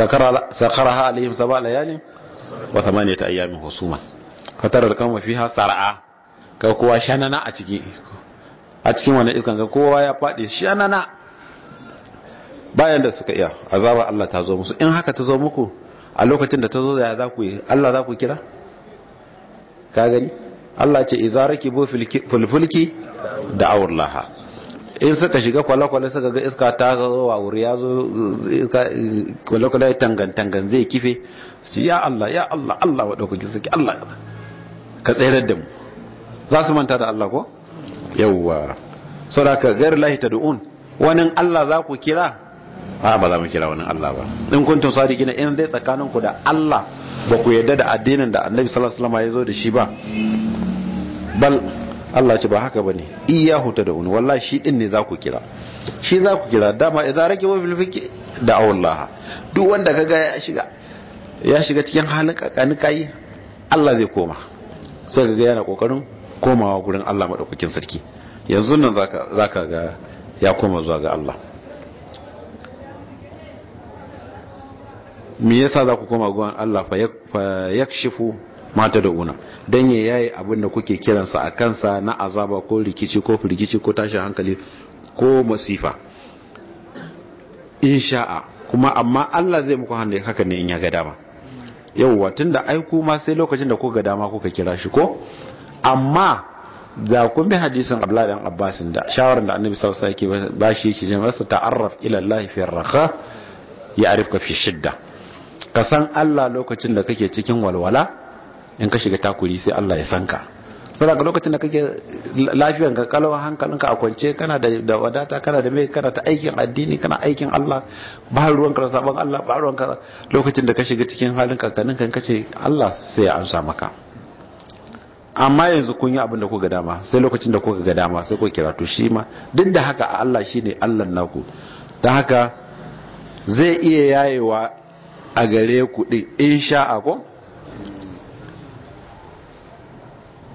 ha alihim saba layalin wa ta ayyamin husuma fatar da kama fiha sar'a ka kowa shanana a ciki a cikin wannan iskan ga kowa ya fadi shanana bayan da suka iya azaba Allah ta zo musu in haka ta zo muku a lokacin da ta zo ya za ku yi Allah za ku kira ka gani Allah ce izaraki rakibu fulfulki da da'aw in suka shiga kwale-kwale suka ga iska ta wa wuri ya zo kwale-kwale ya tangan-tangan zai kife su ya Allah ya Allah Allah wa ɗaukakin suke Allah ka tsayar da mu za su manta da Allah ko? yauwa ka gari lahi ta du'un wani Allah za ku kira? ba ba za mu kira wani Allah ba in kuntun sadiki na in zai tsakaninku da Allah ba ku yadda da addinin da annabi sallallahu ya zo da shi ba bal Allah ce ba haka ba ne. iyahu ta da uni shi din ne za ku kira shi za ku kira dama idan rake wa bil da Allah duk wanda kaga ya shiga ya shiga cikin halin kakani kai Allah zai koma sai kaga yana kokarin komawa gurin Allah madaukakin sarki yanzu nan zaka zaka ga ya koma zuwa ga Allah me yasa za ku koma gowan Allah fa yakshifu mata da una dan ya yayi abin da kuke kiransa a kansa na azaba ko rikici ko firgici ko tashin hankali ko masifa insha'a kuma amma Allah zai muku hannu haka ne in ya ga dama yauwa da ai kuma sai lokacin da kuka ga dama kuka kira shi ko amma da kun bi hadisin Abdullah dan Abbas da shawaran da Annabi sallallahu alaihi wasallam yake bashi yake jin ta'arraf ila Allah fi ar-raha ya'rifka fi shidda ka san Allah lokacin da kake cikin walwala in ka shiga takuri sai Allah ya san ka saboda lokacin da kake lafiyar ka kalawa hankalinka a kwance kana da wadata kana da mai kana ta aikin addini kana aikin Allah ba ruwan ka sabon Allah ba ruwan ka lokacin da ka shiga cikin halin kakanin kan kace Allah sai ya amsa maka amma yanzu kun yi abin da kuka dama sai lokacin da kuka ga dama sai ku kira to shi ma duk da haka Allah shine Allah naku dan haka zai iya yayewa a gare ku ɗin in sha a ko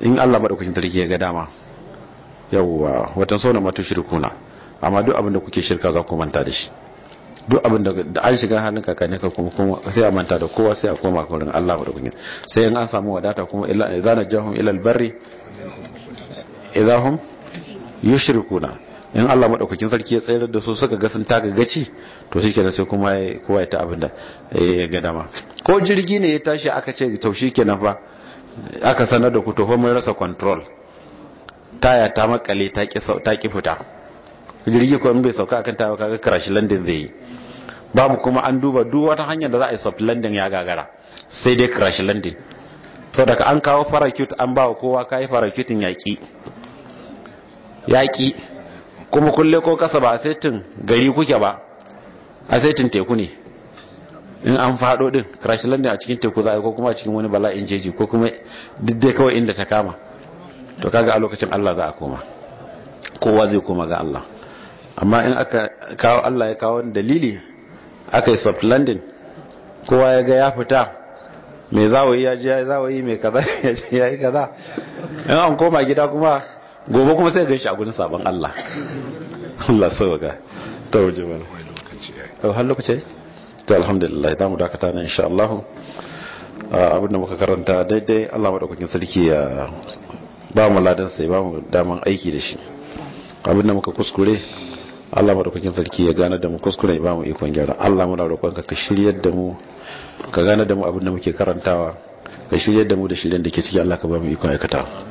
in Allah madaukakin tarihi ya ga dama yawwa watan sauna matu shirkuna amma duk abinda kuke shirka za ku manta da shi duk abin da an shiga hannun kakanni ka kuma kuma sai a manta da kowa sai a koma kurin Allah madaukakin sai in an samu wadata kuma idza najahum ila albarri idahum yushrikuna in Allah maɗaukakin sarki ya tsayar da su suka ga sun taga gaci to shi kenan sai kuma kowa ya ta abin da ya ga dama ko jirgi ne ya tashi aka ce to shi kenan fa aka sanar da ku to fa mun rasa control taya ta makale ta ki ta ki fita jirgi ko in bai sauka akan tawa kaga crash landing zai yi babu kuma an duba duk wata hanyar da za a yi soft landing ya gagara sai dai crash landing saboda an kawo farakut an ba wa kowa kai parachuting yaki yaki kuma kulle ko kasa ba a saitin gari kuke ba a saitin teku ne in an faɗo ɗin crash landing a cikin teku za a yi ko kuma a cikin wani bala'in jeji ko kuma diddai kawai inda ta kama to kaga a lokacin Allah za a koma kowa zai koma ga Allah amma in aka kawo Allah ya kawo dalili aka yi soft landing kowa ya ga ya fita mai zawayi ya ji ya yi zawayi mai kaza ya ji ya yi kaza in an koma gida kuma gobe kuma sai gan shi a gudun sabon Allah Allah sau ga ta mana a har lokaci ta alhamdulillah za mu dakata na insha Allah abin da muka karanta daidai Allah maɗaukakin sarki ya ba mu ladansa ya ba mu daman aiki da shi abin da muka kuskure Allah maɗaukakin sarki ya gane da mu kuskure ya ba mu ikon gyara Allah muna roƙon ka shiryar da mu ka gane da mu abin da muke karantawa ka shirya da mu da shirin da ke ciki Allah ka ba mu ikon aikata